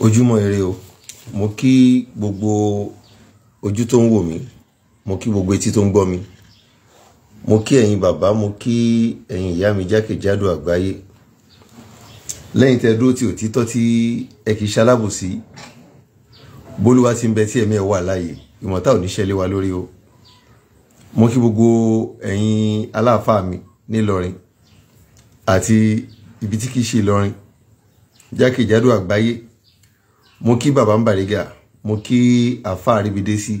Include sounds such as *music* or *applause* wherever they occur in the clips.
ojúmọ́ ire o mo kí gbogbo ojú tó ń wò mí mo kí gbogbo etí tó ń gbọ́ mi mo kí ẹ̀yin bàbá mo kí ẹ̀yin ìyá mi jákèjádò àgbáyé lẹ́yìn tẹ́ dúró ti òtítọ́ tí ẹ kì í ṣalábòsí bólúwa ti ń bẹ tí ẹ̀mí ẹ̀ wà láàyè ìmọ̀ta ò ní ṣẹlẹ̀ wa lórí o mo kí gbogbo ẹ̀yin aláàfáà mi nílọrin àti ibi tí kì í ṣe Ìlọrin jákèjádò àgbáyé mo kí baba ń bàrígà mo kí àfa àríbidésí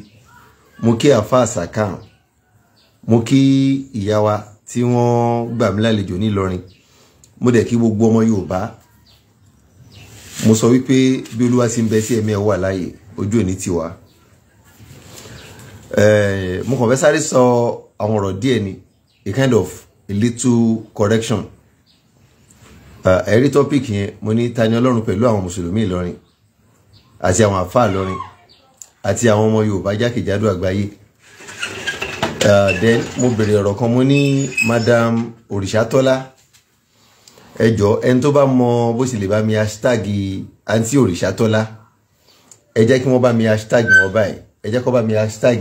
mo kí àfa àsàkàn mo kí ìyá wa tí wọ́n gbà mí lálejò nílọrin mo dẹ̀ kí gbogbo ọmọ yorùbá mo sọ wípé bí olúwa ti ń bẹ sí ẹ̀mí ẹ̀ wà láàyè ojú òní tiwa mo kàn fẹ́ sáré sọ àwọn ọ̀rọ̀ díẹ̀ ni a kind of a little correction ẹ̀rí topic yẹn mo ní ta ni ọlọ́run pẹ̀lú àwọn mùsùlùmí ìlọrin àti àwọn àfáà lọrin àti àwọn ọmọ Yorùbá jákèjádò àgbáyé then mo bèrè ọ̀rọ̀ kan mo ní madam Òrìṣàtọ́lá ẹ jọ ẹni tó bá mọ bó sì lè bá mi hashtag àǹtí Òrìṣàtọ́lá ẹ jẹ́ kí wọ́n bá mi hashtag wọn báyìí ẹ jẹ́ kó bá mi hashtag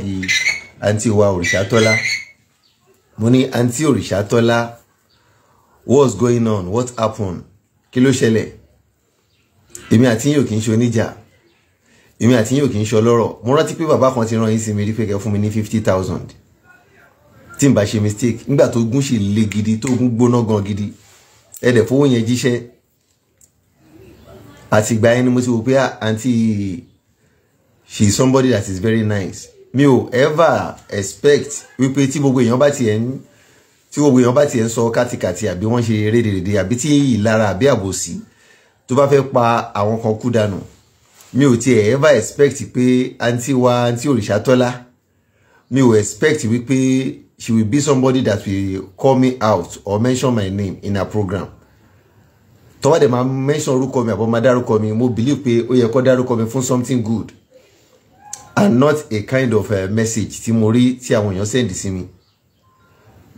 àǹtí wa Òrìṣàtọ́lá mo ní àǹtí Òrìṣàtọ́lá what's going on what happened kí ló ṣẹlẹ̀ èmi àti yín ò kì í ṣe oníjà èmi àti yín ò kì í ṣe ọlọ́rọ̀ mo rántí pé bàbá kan ti rán yín sí mi rí pé kẹ́ fún mi ní fifty thousand tí n bá ṣe mistake nígbà tó gún sì le gidi tó gún gbóná gan gidi ẹ dẹ̀ fowó yẹn jíṣẹ́ àtìgbà yẹn ni mo ti wò pé àǹtí ah, she is somebody that is very nice mi ò ever expect wípé tí gbogbo èèyàn bá tiẹ̀ ń tí gbogbo èèyàn bá tiẹ̀ ń sọ kátikàti àbí wọ́n ṣe rédèrèdè àbí tí ìlara àbí àbòsí tó bá fẹ́ pa àwọn kan kú dànù mi ò tiẹ̀ ever expect pé àǹtí wa àǹtí Òrìṣàtọ́lá mi ò expect wípé she will be somebody that will call me out or mention my name in her program tọ́wọ́ dẹ̀ máa mention orúkọ mi àbọ̀ máa dárúkọ mi mo believe pé ó yẹ kó dárúkọ mi fún something good and not a kind of uh, message tí mo rí tí àwọn èèyàn send sí mi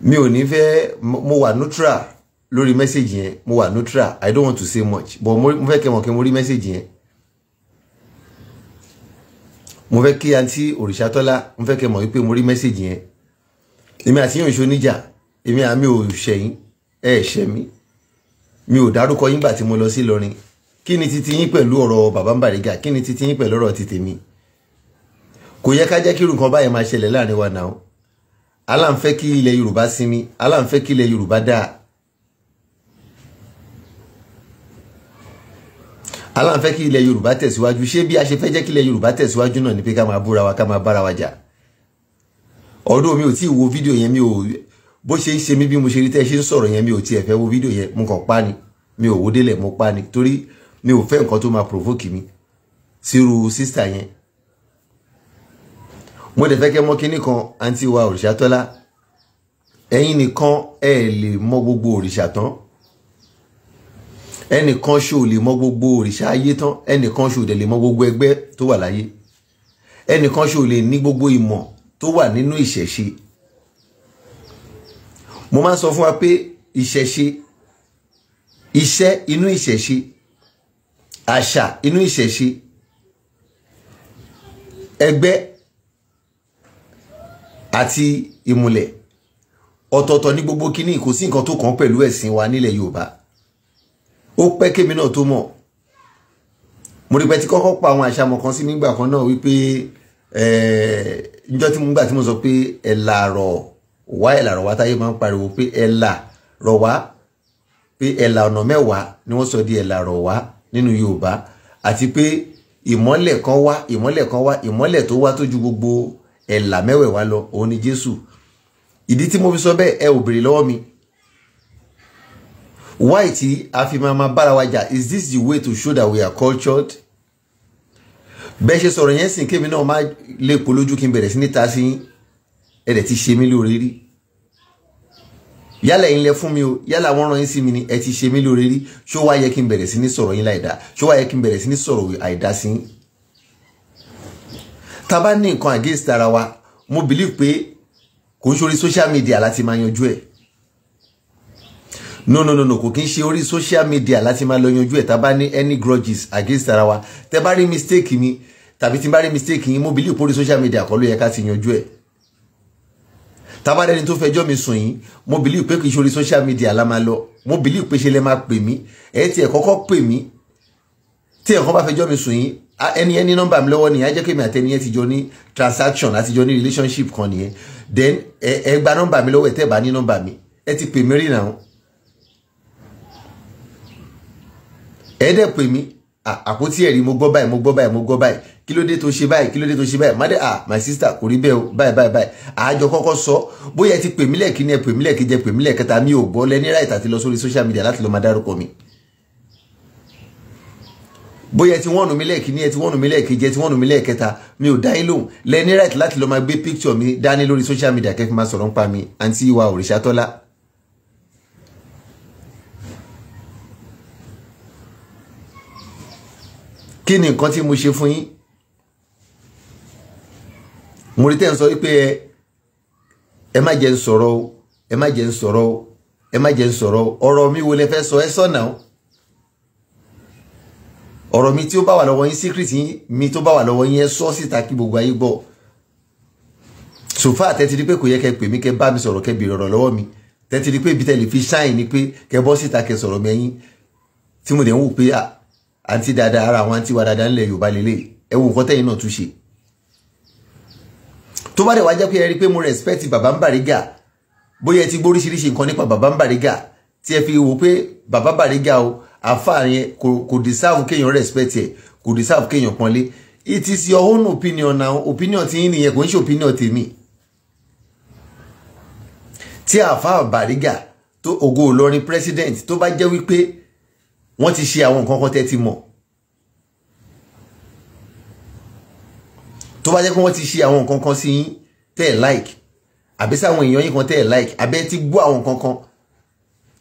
mi ò ní fẹ́ mo wà neutral lórí message yẹn mo wà neutral i don't want to say much but mo fẹ́ kẹ́ mọ̀ kí mo rí message yẹn mo fẹ́ kí àǹtí òrìṣàtọ́lá mo fẹ́ kẹ́ mọ̀ wípé mo rí mẹ́sẹ̀gì yẹn èmi àti yín ìṣoníjà èmi àmì ò ṣẹ̀yìn ẹ̀ ṣẹ̀ mi mi ò dárúkọ yín gbà tí mo lọ sí Ìlọrin kí ni titi yín pẹ̀lú ọ̀rọ̀ bàbá ń bàrígà kí ni titi yín pẹ̀lú ọ̀rọ̀ ti tèmi kò yẹ ká jẹ́ kí irú nǹkan báyìí máa ṣẹlẹ̀ láàrin wa náà aláǹfẹ́ kí ilẹ̀ Yorùbá sinmi aláǹfẹ́ kí ilẹ̀ Yorùbá dáa aláǹ fẹ́ kí ilẹ̀ yorùbá tẹ̀síwájú ṣé bí a ṣe fẹ́ jẹ́ kí ilẹ̀ yorùbá tẹ̀síwájú náà ni pé ká máa búra wa ká máa bára wa jà ọdún mi ò tí ì wo fídíò yẹn mi ò bó ṣe ṣe mí bí mo ṣe rí tẹ́ ṣe ń sọ̀rọ̀ yẹn mi ò tiẹ̀ fẹ́ wo fídíò yẹn mo kàn pa ni mi ò wó délẹ̀ mo pa ni torí mi ò fẹ́ nǹkan tó máa provoke mi sírú sísà yẹn mo dẹ̀ fẹ́ kẹ́ mọ̀ kínní kan àǹtí wa òrìṣà tọ́lá ẹ̀yin nìkan ẹ̀ lè mọ̀ gbogbo òrìṣà tán ẹnìkan ṣo lè mọ gbogbo òrìṣà ayé tán ẹnìkan ṣo dẹ̀ lè mọ gbogbo ẹgbẹ́ tó wà láyé ẹnìkan ṣo lè ní gbogbo ìmọ̀ tó wà nínú ìṣẹ̀ṣe mo máa ń sọ fún wa pé ìṣẹ̀ṣe iṣẹ́ inú ìṣẹ̀ṣe àṣà inú ìṣẹ̀ṣe ẹgbẹ́ àti ìmùlẹ̀ ọ̀tọ̀ọ̀tọ̀ ní gbogbo kíní kò sí nǹkan tó kàn pẹ̀lú ẹ̀sìn wa nílẹ̀ Yorùbá ó pẹ́ kémi náà tó mọ̀ mo rí pé tí kọ́kọ́ pa àwọn àṣàmọ̀ kan sí nígbà kan náà wípé njọ́ tí mo gbà tí mo sọ pé ẹ̀là rọ̀ wá ẹ̀là rọ̀ wá táyé máa ń pariwo pé ẹ̀là rọ̀ wá pé ẹ̀là ọ̀nà mẹ́wàá ni wọ́n sọ di ẹ̀là rọ̀ wá nínú Yorùbá àti pé ìmọ́lẹ̀ kan wá ìmọ́lẹ̀ kan wá ìmọ́lẹ̀ tó wá tó ju gbogbo ẹ̀là mẹ́wẹ̀ẹ̀wá lọ òun ni Jésù ìdí tí mo fi sọ bẹ́ẹ̀ ẹ ò béèrè lọ́wọ́ mi why tí a fi máa máa is this the way to show that we are cultured bẹ́ẹ̀ ṣe sọ̀rọ̀ yẹn sìn kémi náà má lè po lójú kí n bẹ̀rẹ̀ sí ní ta sí ẹ̀rẹ̀ ti ṣe mí lóore rí yálà yín lẹ fún mi o yálà wọ́n rán yín sí mi ni ẹ ti ṣe mí lóore rí ṣó wá kí n bẹ̀rẹ̀ sí ní sọ̀rọ̀ yín láìdá ṣó wá kí n bẹ̀rẹ̀ sí ní sọ̀rọ̀ àìdá sí yín bá ní nǹkan against ara wa mo believe pé kò ń ṣorí social media láti máa yanjú ẹ̀ no no no no kò kí n ṣe orí social media láti máa lọ yanjú ẹ̀ tá a bá ní any grudges against ara wa tẹ bá rí mistake mi tàbí tí n bá rí mistake yín mo believe pórí social media kọ́ ló yẹ ká ti yanjú ẹ̀ tá a bá rẹni tó mi sùn yín mo believe pé kì í ṣe orí social media la máa lọ mo believe pé ṣe lẹ máa pè mí ẹ tiẹ̀ kọ́kọ́ pè mí tí ẹ̀kọ́ bá fẹjọ́ mi sùn yín ẹni ẹni nọ́mbà mi lọ́wọ́ nìyẹn á jẹ́ kémi àtẹni ti jọ ní transaction àti jọ ní relationship kan nìyẹn then ẹ gba nọ́mbà mi lọ́wọ́ ẹ̀ tẹ́ bá ní nọ́mbà mi ẹ ti pè mí rí nàá ẹ̀ẹ́dẹ̀ pè mí àpótí ẹ̀rí mo gbọ́ báyìí mo gbọ́ báyìí mo gbọ́ báyìí kí ló dé tó ṣe báyìí kí ló dé tó ṣe báyìí má dé à my sister kò rí bẹ́ẹ̀ o báyìí báyìí báyìí àjọ kọ́kọ́ sọ bóyá ẹ ti pè mí lẹ́ẹ̀kíní ẹ pè mí lẹ́ẹ̀kejì ẹ pè mí lẹ́ẹ̀kẹta mi ò gbọ́ lẹ́ni ráìtà ti lọ sórí social media láti lọ́ọ́ máa dárúkọ mi. bóyá ẹ ti wọ́n nù mí lẹ́ẹ̀kíní ẹ ti wọ́n nù mí lẹ́ẹ̀kejì ẹ ti wọ́n nù mí lẹ́ẹ̀kẹta mi ò dá yín lẹ́ni ráìtà láti lọ́ọ́ máa gbé picture mi dání lórí social media kẹ́kí máa sọ̀rọ̀ ń pa mi àǹtí wa òrìṣàtọ́lá kí ni nǹkan tí mo ṣe fún yín mo rí tẹ́ ń sọ wípé ẹ ẹ má jẹ́ ń sọ̀rọ̀ o ẹ má jẹ́ ń sọ̀rọ̀ o ẹ má jẹ́ ń sọ̀rọ̀ o ọ̀rọ̀ mi wo lẹ fẹ́ sọ ẹ sọ̀nà o ọ̀rọ̀ mi tí ó bá wà lọ́wọ́ yín secret mi tó bá wà lọ́wọ́ yín ẹ sọ síta kí gbogbo ayé gbọ́ sòfà tẹ́tí rí pé kò yẹ kẹ́ pè mí kẹ́ bá mi sọ̀rọ̀ kẹ́ bèrè ọ̀rọ̀ lọ́wọ́ mi tẹ́tí rí pé ibi tẹ́lẹ̀ fi ṣáìn ni pé kẹ́ bọ́ síta kẹ́ sọ̀rọ̀ mẹ́yìn tí mo dẹ̀ ń wò pé àǹtí dáadáa ara àwọn àǹtí wa dáadáa ńlẹ̀ Yorùbá lélẹ̀ ẹ wo nǹkan tẹ́yìn náà tún ṣe tó bá dẹ̀ wá jẹ́ pé ẹ rí i pé mo respect bàbá ń Bariga bóyá ẹ ti gbóríṣiríṣi nǹkan nípa bàbá ń Bariga tí ẹ fi wò pé bàbá Bariga o àfààní kò deserve kéèyàn respect ẹ kò deserve kéèyàn pọ́nlé it is your own opinion now opinion ti yín nìyẹn kò ń ṣe opinion tèmi tí àfa Bariga tó ògo Ìlọrin president tó bá jẹ́ wípé wọ́n ti ṣe àwọn nǹkan kan tẹ́ ti mọ̀ tó bá jẹ́ pé wọ́n ti ṣe àwọn nǹkan kan sí yín tẹ́ ẹ̀ like àbí sáwọn èèyàn yín kan tẹ́ ẹ̀ like àbẹ́ ti gbọ́ àwọn nǹkan kan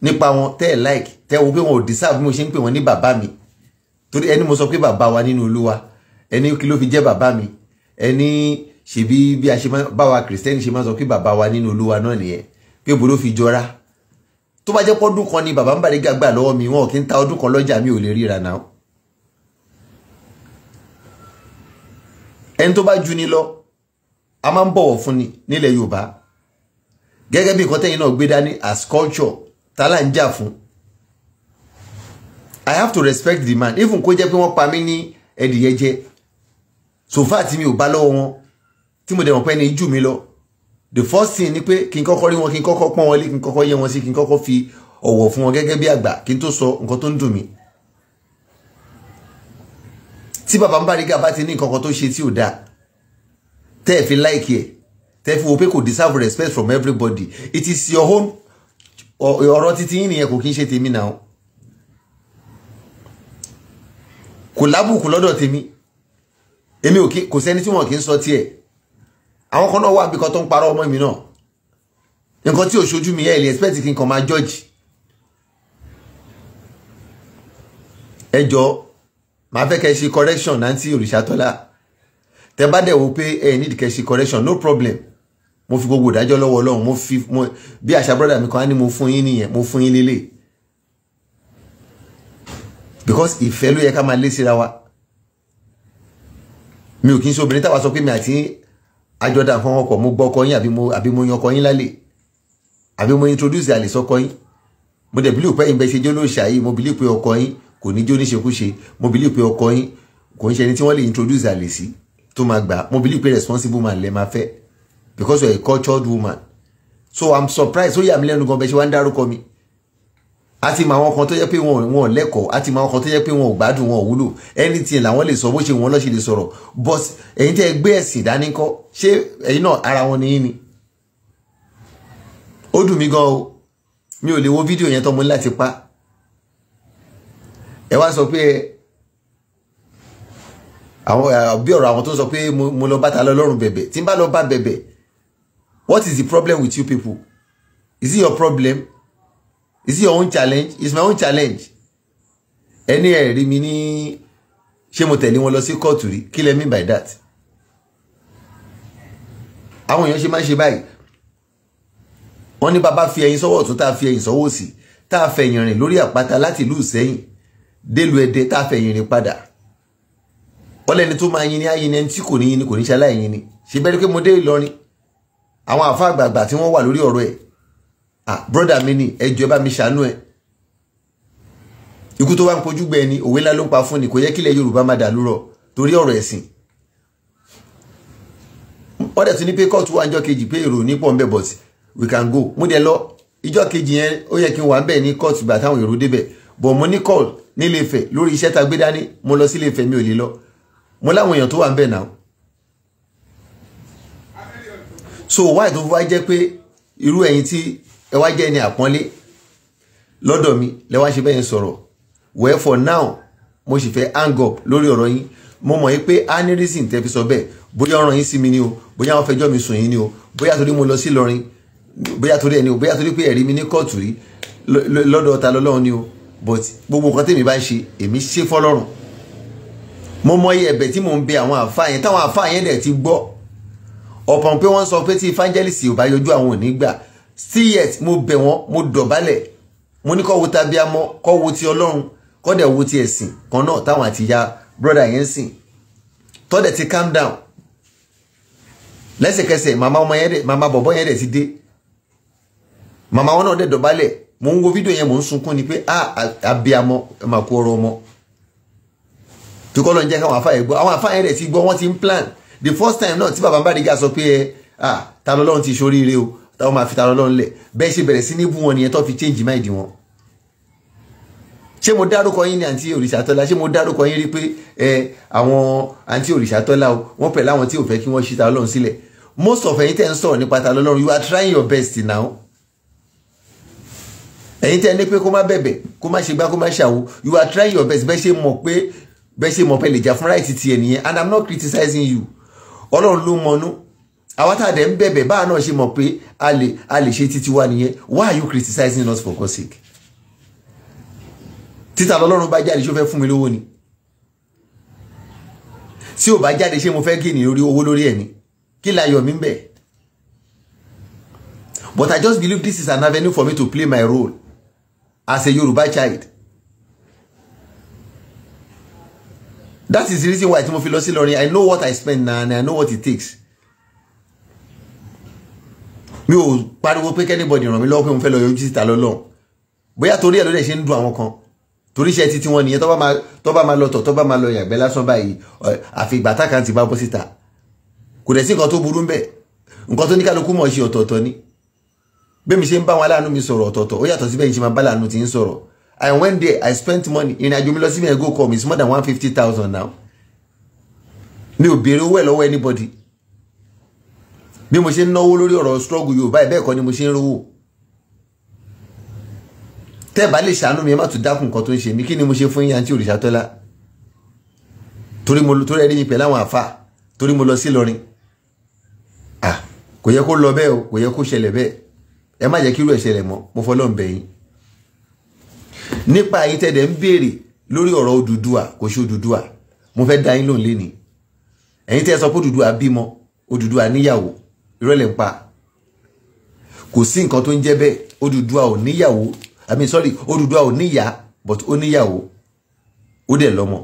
nípa wọn tẹ́ ẹ̀ like tẹ́ wo pé wọn ò deserve bí mo ṣe ń pè wọ́n ní bàbá mi torí ẹni mo sọ pé bàbá wa nínú Olúwa ẹni kí ló fi jẹ́ bàbá mi ẹni ṣèbí bí a ṣe máa bá wa kìrìsìtẹ́nì ṣe máa sọ pé bàbá wa nínú Olúwa náà nìyẹn pé bó ló fi jọra tó bá jẹ́ pọ́dún kan ni bàbá ń bàrí gàgbà lọ́wọ́ mi wọn kì í ta ọdún kan lọ́jà mi ò lè ríra náà ẹni tó bá ju ni lọ a máa ń bọ̀wọ̀ fún ni nílẹ̀ Yorùbá gẹ́gẹ́ bí nǹkan tẹ́yìn náà gbé dání as culture tálà ń jà fún I have to respect the man even kó jẹ́ pé wọ́n pa mí ní ẹ̀dìyẹ jẹ so far tí mi ò bá lọ́wọ́ wọn tí mo dẹ̀ mọ̀ pé ẹni jù mí lọ the first thing ni pé kí n kọ́kọ́ rí wọn kí n kọ́kọ́ pọ́n wọlé kí n kọ́kọ́ yẹ wọn sí kí n kọ́kọ́ fi ọ̀wọ̀ fún wọn gẹ́gẹ́ bí àgbà kí n tó sọ nǹkan tó ń dùn mí. tí bàbá ń bá rígà bá ti ní nǹkan kan tó ṣe tí ò dáa tẹ́ ẹ̀ fi láìkì ẹ̀ tẹ́ ẹ̀ fi wo pé kò deserve respect from everybody it is your own ọ̀rọ̀ títí yín nìyẹn kò kí n ṣe tèmi náà kò lábùkù lọ́dọ̀ tèmi èmi ò kí kò sẹ́ni tí wọ́n kì í sọ tiẹ̀ àwọn kan náà wà bíkan tó ń parọ́ ọmọ mi náà nǹkan tí ò ṣojú mi ẹ̀ lè expect kí n kàn máa jọ́ọ̀jì ẹ jọ̀ọ́ màá fẹ́ kẹ́ ṣe correction náà tí òrìṣàtọ́lá tẹ bá dẹ̀ wo pé ẹ ní ìdíkẹ́ ṣe correction no problem mo fi gbogbo ìdájọ́ lọ́wọ́ ọlọ́run mo fi mo bí àṣà brọ́dà mi kan á ní mo fún yín nìyẹn mo fún yín lélẹ̀ because ìfẹ́ ló yẹ ká máa lé síra wa mi ò kí n ṣe obìnrin táwa sọ pé mi àti àjọdá fún ọkọ mo gbọ́ ọkọ yín àbí mo àbí mo yan ọkọ yín lálẹ́ àbí mo introduce àlè sọkọ yín mo dẹ̀ bílíù pé ìgbà ṣe jó ló ṣàyè mo bílíù pé ọkọ yín kò ní jó níṣekúṣe mo bílíù pé ọkọ yín kò ń ṣe ẹni tí wọ́n lè introduce àlè sí tó máa gbà mo bílíù pé responsible man lè máa fẹ́ because you are a cultured woman so i'm surprised ó yà mí lẹ́nu gan bẹ́ẹ̀ ṣe wá ń dárúkọ mi a ti mọ kan tó yẹ pé wọn ò lẹ́kọ̀ọ́ a ti mọ kan tó yẹ pé wọn ò gbádùn wọn ò wúlò anything làwọn lè sọ bó ṣe wọn lọ́sẹ̀ lè sọ̀rọ̀ but ẹ̀yin tẹ́ ẹ gbé ẹ̀sìn dání kọ́ ṣé ẹ̀yin náà ara wọn nìyí ni. ó dùn mí gan o mi ò lè wo fídíò yẹn tó mo ní láti pa ẹ wá sọ pé àwọn bí ọ̀rọ̀ àwọn tó sọ pé mo lọ bá ta lọ́lọ́run bẹ̀bẹ̀ tí n bá lọ bá bẹ̀bẹ̀ what is the problem with you people is it your problem? is it your own challenge is my own challenge ẹni ẹ rí mi ní ṣé mo tẹ̀lé wọn lọ sí kóòtù rí kí lẹ mean by that àwọn èèyàn ṣe máa ń ṣe báyìí wọ́n ní bàbá fi ẹyin sọ́wọ́ ọ̀tún tá a fi ẹyin sọ́wọ́ sí tá a fẹ̀yìn rìn lórí àpáta láti ìlú Ìṣẹ́yìn délùú Ẹdẹ tá a fẹ̀yìn rìn padà ọlẹ́ni tó máa yin ni ayin ẹni tí kò ní yin ni kò ní ṣe aláìyin ni ṣe bẹ́ẹ̀ ni pé mo dé Ìlọrin àwọn àfa àgbààgbà tí wọ́n wà lórí ọ̀rọ̀ ẹ̀ ah broda mi ni ẹjọ ẹ bá mi ṣàánú ẹ ikú tó bá ń pojú gbẹ ni òwe ńlá ló ń pa fún ni kò yẹ kílẹ̀ yorùbá má dàlú rọ torí ọ̀rọ̀ ẹ̀sìn wọ́n dẹ̀ tún ní pé kóòtù wà níjọ́ kejì pé èrò ní pọ̀ ń bẹ̀ but we can go mo dẹ̀ lọ ìjọ́ kejì yẹn ó yẹ kí n wà ń bẹ̀ ní kóòtù gbà táwọn èrò débẹ̀ but mo ní call nílé Ifẹ̀ lórí iṣẹ́ ta gbé dání mo lọ sí Ilé Ifẹ̀ mi ò lè lọ mo láwọn èèyàn tó wà ń bẹ̀ náà so why tó wá jẹ́ pé irú ẹ̀yin tí ẹ wá jẹ́ ẹni àpọ́nlé lọ́dọ̀ mi lẹ wá ṣe bẹ́ẹ̀ sọ̀rọ̀ well for now mo sì fẹ́ hang up lórí ọ̀rọ̀ yín mo mọ̀ yín pé aneurysm tẹ́ fi sọ bẹ́ẹ̀ bóyá ọ̀ràn yín sí mi ni o bóyá wọ́n fẹjọ́ mi sùn yín ni o bóyá torí mo lọ sí Ìlọrin bóyá torí ẹni o bóyá torí pé ẹ̀rí mi ní kóòtù rí lọ́dọ̀ ọ̀tá lọ́lọ́run ni o but gbogbo nǹkan tèmi bá ń ṣe èmi ṣe fọlọ́run mo mọ iye ẹ̀bẹ̀ tí mò ń bẹ àwọn àfáà yẹn táwọn àfáà yẹn dẹ̀ ti gbọ́ ọ̀pọ̀ pé wọ́n sọ pé tí evangelist ò bá yọjú àwọn ò ní gbà still yet mo bẹ̀ wọ́n mo dọ̀bálẹ̀ mo ní kọ́ wo tàbí amọ́ kọ́ wo ti ọlọ́run kọ́ dẹ̀ wo ti ẹ̀sìn kan náà táwọn àti ya brọ́dà yẹn sìn tọ́dẹ̀ ti calm down lẹ́sẹ̀kẹsẹ̀ màmá ọmọ yẹn dẹ̀ mama bọ̀bọ́ yẹn dẹ̀ ti dé màmá wọn náà dẹ̀ dọ̀bálẹ̀ mo ń wo fídíò yẹn mo ń sunkún ni pé ah abiyamọ ma kú ọ̀rọ̀ ọmọ tí kọ́ ló ń jẹ́ káwọn afáyẹ gbọ́ àwọn afáyẹ rẹ̀ ti gbọ́ wọ́n ti ń plan the first time náà tí bàbá ń bá rí ga sọ pé ah ta lọ́lọ́run ti ṣoríire o táwọn máa fi ta ọlọ́run lẹ̀ bẹ́ẹ̀ ṣe bẹ̀rẹ̀ sí ní bú wọn nìyẹn tó fi change mind wọn. ṣé mo dárúkọ yín ní àǹtí òrìṣàtọ́lá ṣé mo dárúkọ yín rí pé àwọn àǹtí òrìṣàtọ́lá o wọ́n pẹ̀lú àwọn tí ò fẹ́ kí wọ́n ṣí ta ọlọ́run sílẹ̀ most of ẹ̀yin tẹ́ ń sọ̀rọ̀ nípa ta ọlọ́run you are trying your best now ẹ̀yin tẹ́ ní pé kó má bẹ̀bẹ̀ kó má ṣe gbá kó má ṣàwo you are trying your best bẹ́ẹ̀ ṣe mọ̀ pé bẹ́ẹ̀ ṣe mọ̀ pé and i'm not criticizing you ọlọ́run ló mọnú àwa tá dẹ̀ ń bẹ̀bẹ̀ báà náà ṣe mọ̀ pé a lè a lè ṣe títí wa nìyẹn why are you criticizing us for God's sake títà lọ́lọ́run bá jáde ṣó fẹ́ fún mi lówó ni tí ò bá jáde ṣé mo fẹ́ gíní lórí owó lórí ẹ̀ ni kí láyọ̀ mi ń bẹ̀ but I just believe this is an avenue for me to play my role as a Yoruba child that is the reason why tí mo fi lọ sí Ìlọrin I know what I spend na and I know what it takes mi ò pariwo pé kẹ́nìbọ̀dì ràn mí lọ́wọ́ pé mo fẹ́ lọ yọjú síta lọ́lọ́ bóyá torí ẹ̀ ló dẹ̀ ṣe ń dùn àwọn kan torí iṣẹ́ titi wọn nìyẹn tó bá máa lọ tọ̀ tó bá máa lọ yàgbẹ́ lásán báyìí àfi ìgbà tákàntì bá bọ́ síta kò dẹ̀ sí nǹkan tó burú bẹ́ẹ̀ nǹkan tó ní kálukú mọ̀ ṣe ọ̀tọ̀ọ̀tọ̀ ni bẹ́ẹ̀ mi ṣe ń bá wọn aláàánú mi sọ̀rọ̀ ọ̀tọ̀ọ̀tọ̀ ó yàtọ̀ síbẹ̀ yìí ṣe máa bá aláàánú ti ń sọ̀rọ̀ I went there I spent money ìrìnàjò mi lọ sí mẹ́ẹ̀gò com is more than one fifty thousand now mi ò béèrè owó ẹ̀ lọ́wọ́ anybody bí mo ṣe ń náwó lórí ọ̀rọ̀ struggle Yorùbá ẹ̀ bẹ́ẹ̀ kọ́ ni mo ṣe ń rówó tẹ́ ẹ̀ bá lè ṣàánú mi ẹ má tún dákun nǹkan tó ń ṣe mí kí ni mo ṣe fún yín àǹtí Òrìṣàtọ́lá torí mo torí ẹni yín pẹ̀lú àwọn àfa torí mo lọ sí Ìlọrin à kò yẹ kó lọ bẹ́ẹ̀ o kò yẹ kó ṣẹlẹ̀ bẹ́ẹ̀ ẹ má jẹ́ kí irú ẹ̀ ṣẹlẹ̀ mọ́ mo fọlọ́run bẹ̀ yín nípa yín tẹ́lẹ̀ ń béèrè lórí ọ̀rọ̀ Odùduwà kò ṣe tẹ́ sọ pé Odùduwà ìrọ̀lẹ̀ ń pa kò sí nǹkan tó ń jẹ́ bẹ́ẹ̀ Odùduwà ò níyàwó I mean sorry Odùduwà ò níyà but ó níyàwó ó dẹ̀ lọ́mọ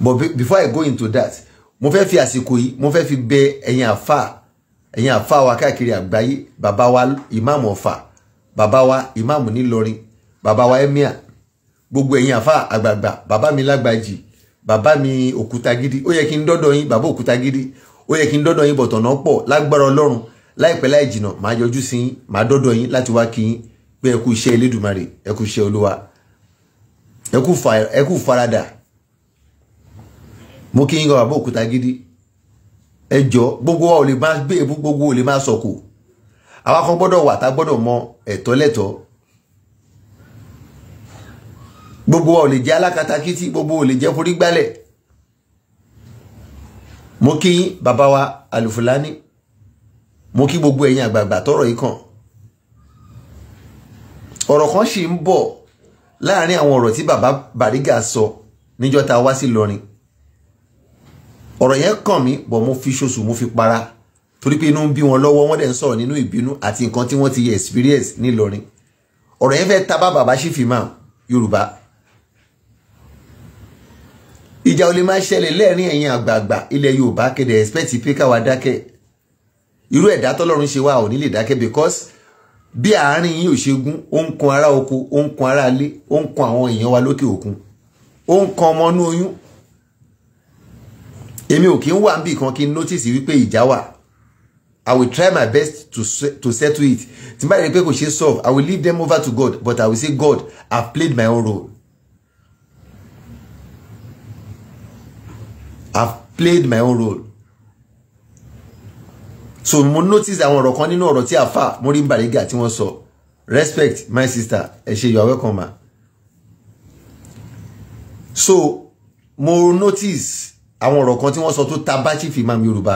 but before I go into that mo fẹ́ fi àsìkò yìí mo fẹ́ fi bẹ ẹ̀yin àfà ẹ̀yin àfà wa káàkiri àgbáyé bàbá wa ìmáàmù Ọ̀fà bàbá wa ìmáàmù nílọrin bàbá wa emir gbogbo ẹ̀yin àfà àgbààgbà bàbá mi lágbàjì bàbá mi òkúta gidi ó yẹ kí n dọ́dọ̀ yín bàbá òkúta gidi ó yẹ kí n dọ́dọ̀ yín bọ̀ tọ̀nà pọ̀ lágbára ọlọ́run láìpẹ́ láì jìnà màá yọjú sí yín màá dọ́dọ̀ yín láti wá kí yín pé ẹ kú iṣẹ́ elédùnmarè ẹ kú iṣẹ́ olúwa ẹ kú faradà mo kí yín gan bàbá òkúta gidi ẹ gbogbo wa ò lè máa gbé ebú gbogbo ò lè máa sọkò àwa kan gbọ́dọ̀ wà tá gbọ́dọ̀ mọ ẹ̀tọ́ lẹ́tọ́ gbogbo wa ò lè jẹ́ alákatakítí gbogbo ò lè jẹ́ forígbálẹ̀ mo kí bàbá wa alufulani mo kí gbogbo ẹ̀yin àgbààgbà tọ́rọ̀ yìí kàn ọ̀rọ̀ kan sì ń bọ̀ láàrin àwọn ọ̀rọ̀ tí bàbá Bariga sọ níjọ́ tá a wá sí Ìlọrin ọ̀rọ̀ yẹn kàn mí bọ̀ mo fi ṣoṣù mo fi para torí pé inú ń bí wọn lọ́wọ́ wọ́n dẹ̀ ń sọ̀rọ̀ nínú ìbínú àti nǹkan tí wọ́n ti yẹ experience nílọrin ọ̀rọ̀ yẹn fẹ́ ta bá bàbá ṣì fi máa Yorùbá ìjà ò lè máa ṣẹlẹ̀ lẹ́ẹ̀rin ẹ̀yin àgbààgbà ilẹ̀ Yorùbá kéde expect pé káwa dákẹ́ irú ẹ̀dá tọ́lọ́run ṣe wá ò ní dákẹ́ because bí àárín yìí ò ṣe gún ó ń kun ará oko ó ń kun ará ilé ó ń kun àwọn èèyàn wa lókè òkun ó ń kan ọmọ inú oyún èmi ò kí ń wà níbì kan kí n notice wípé ìjà wà I will try my best to, to settle it tí n bá rí i pé kò ṣe solve I will leave them over to God but I will say God I played my own role I've played my own role so mo notice àwọn ọ̀rọ̀ kan nínú ọ̀rọ̀ tí àfa Muri Bariga tí wọ́n sọ respect my sister ẹ ṣe you are welcome ma so mo notice àwọn ọ̀rọ̀ kan tí wọ́n sọ tó ta bá chief imam Yorùbá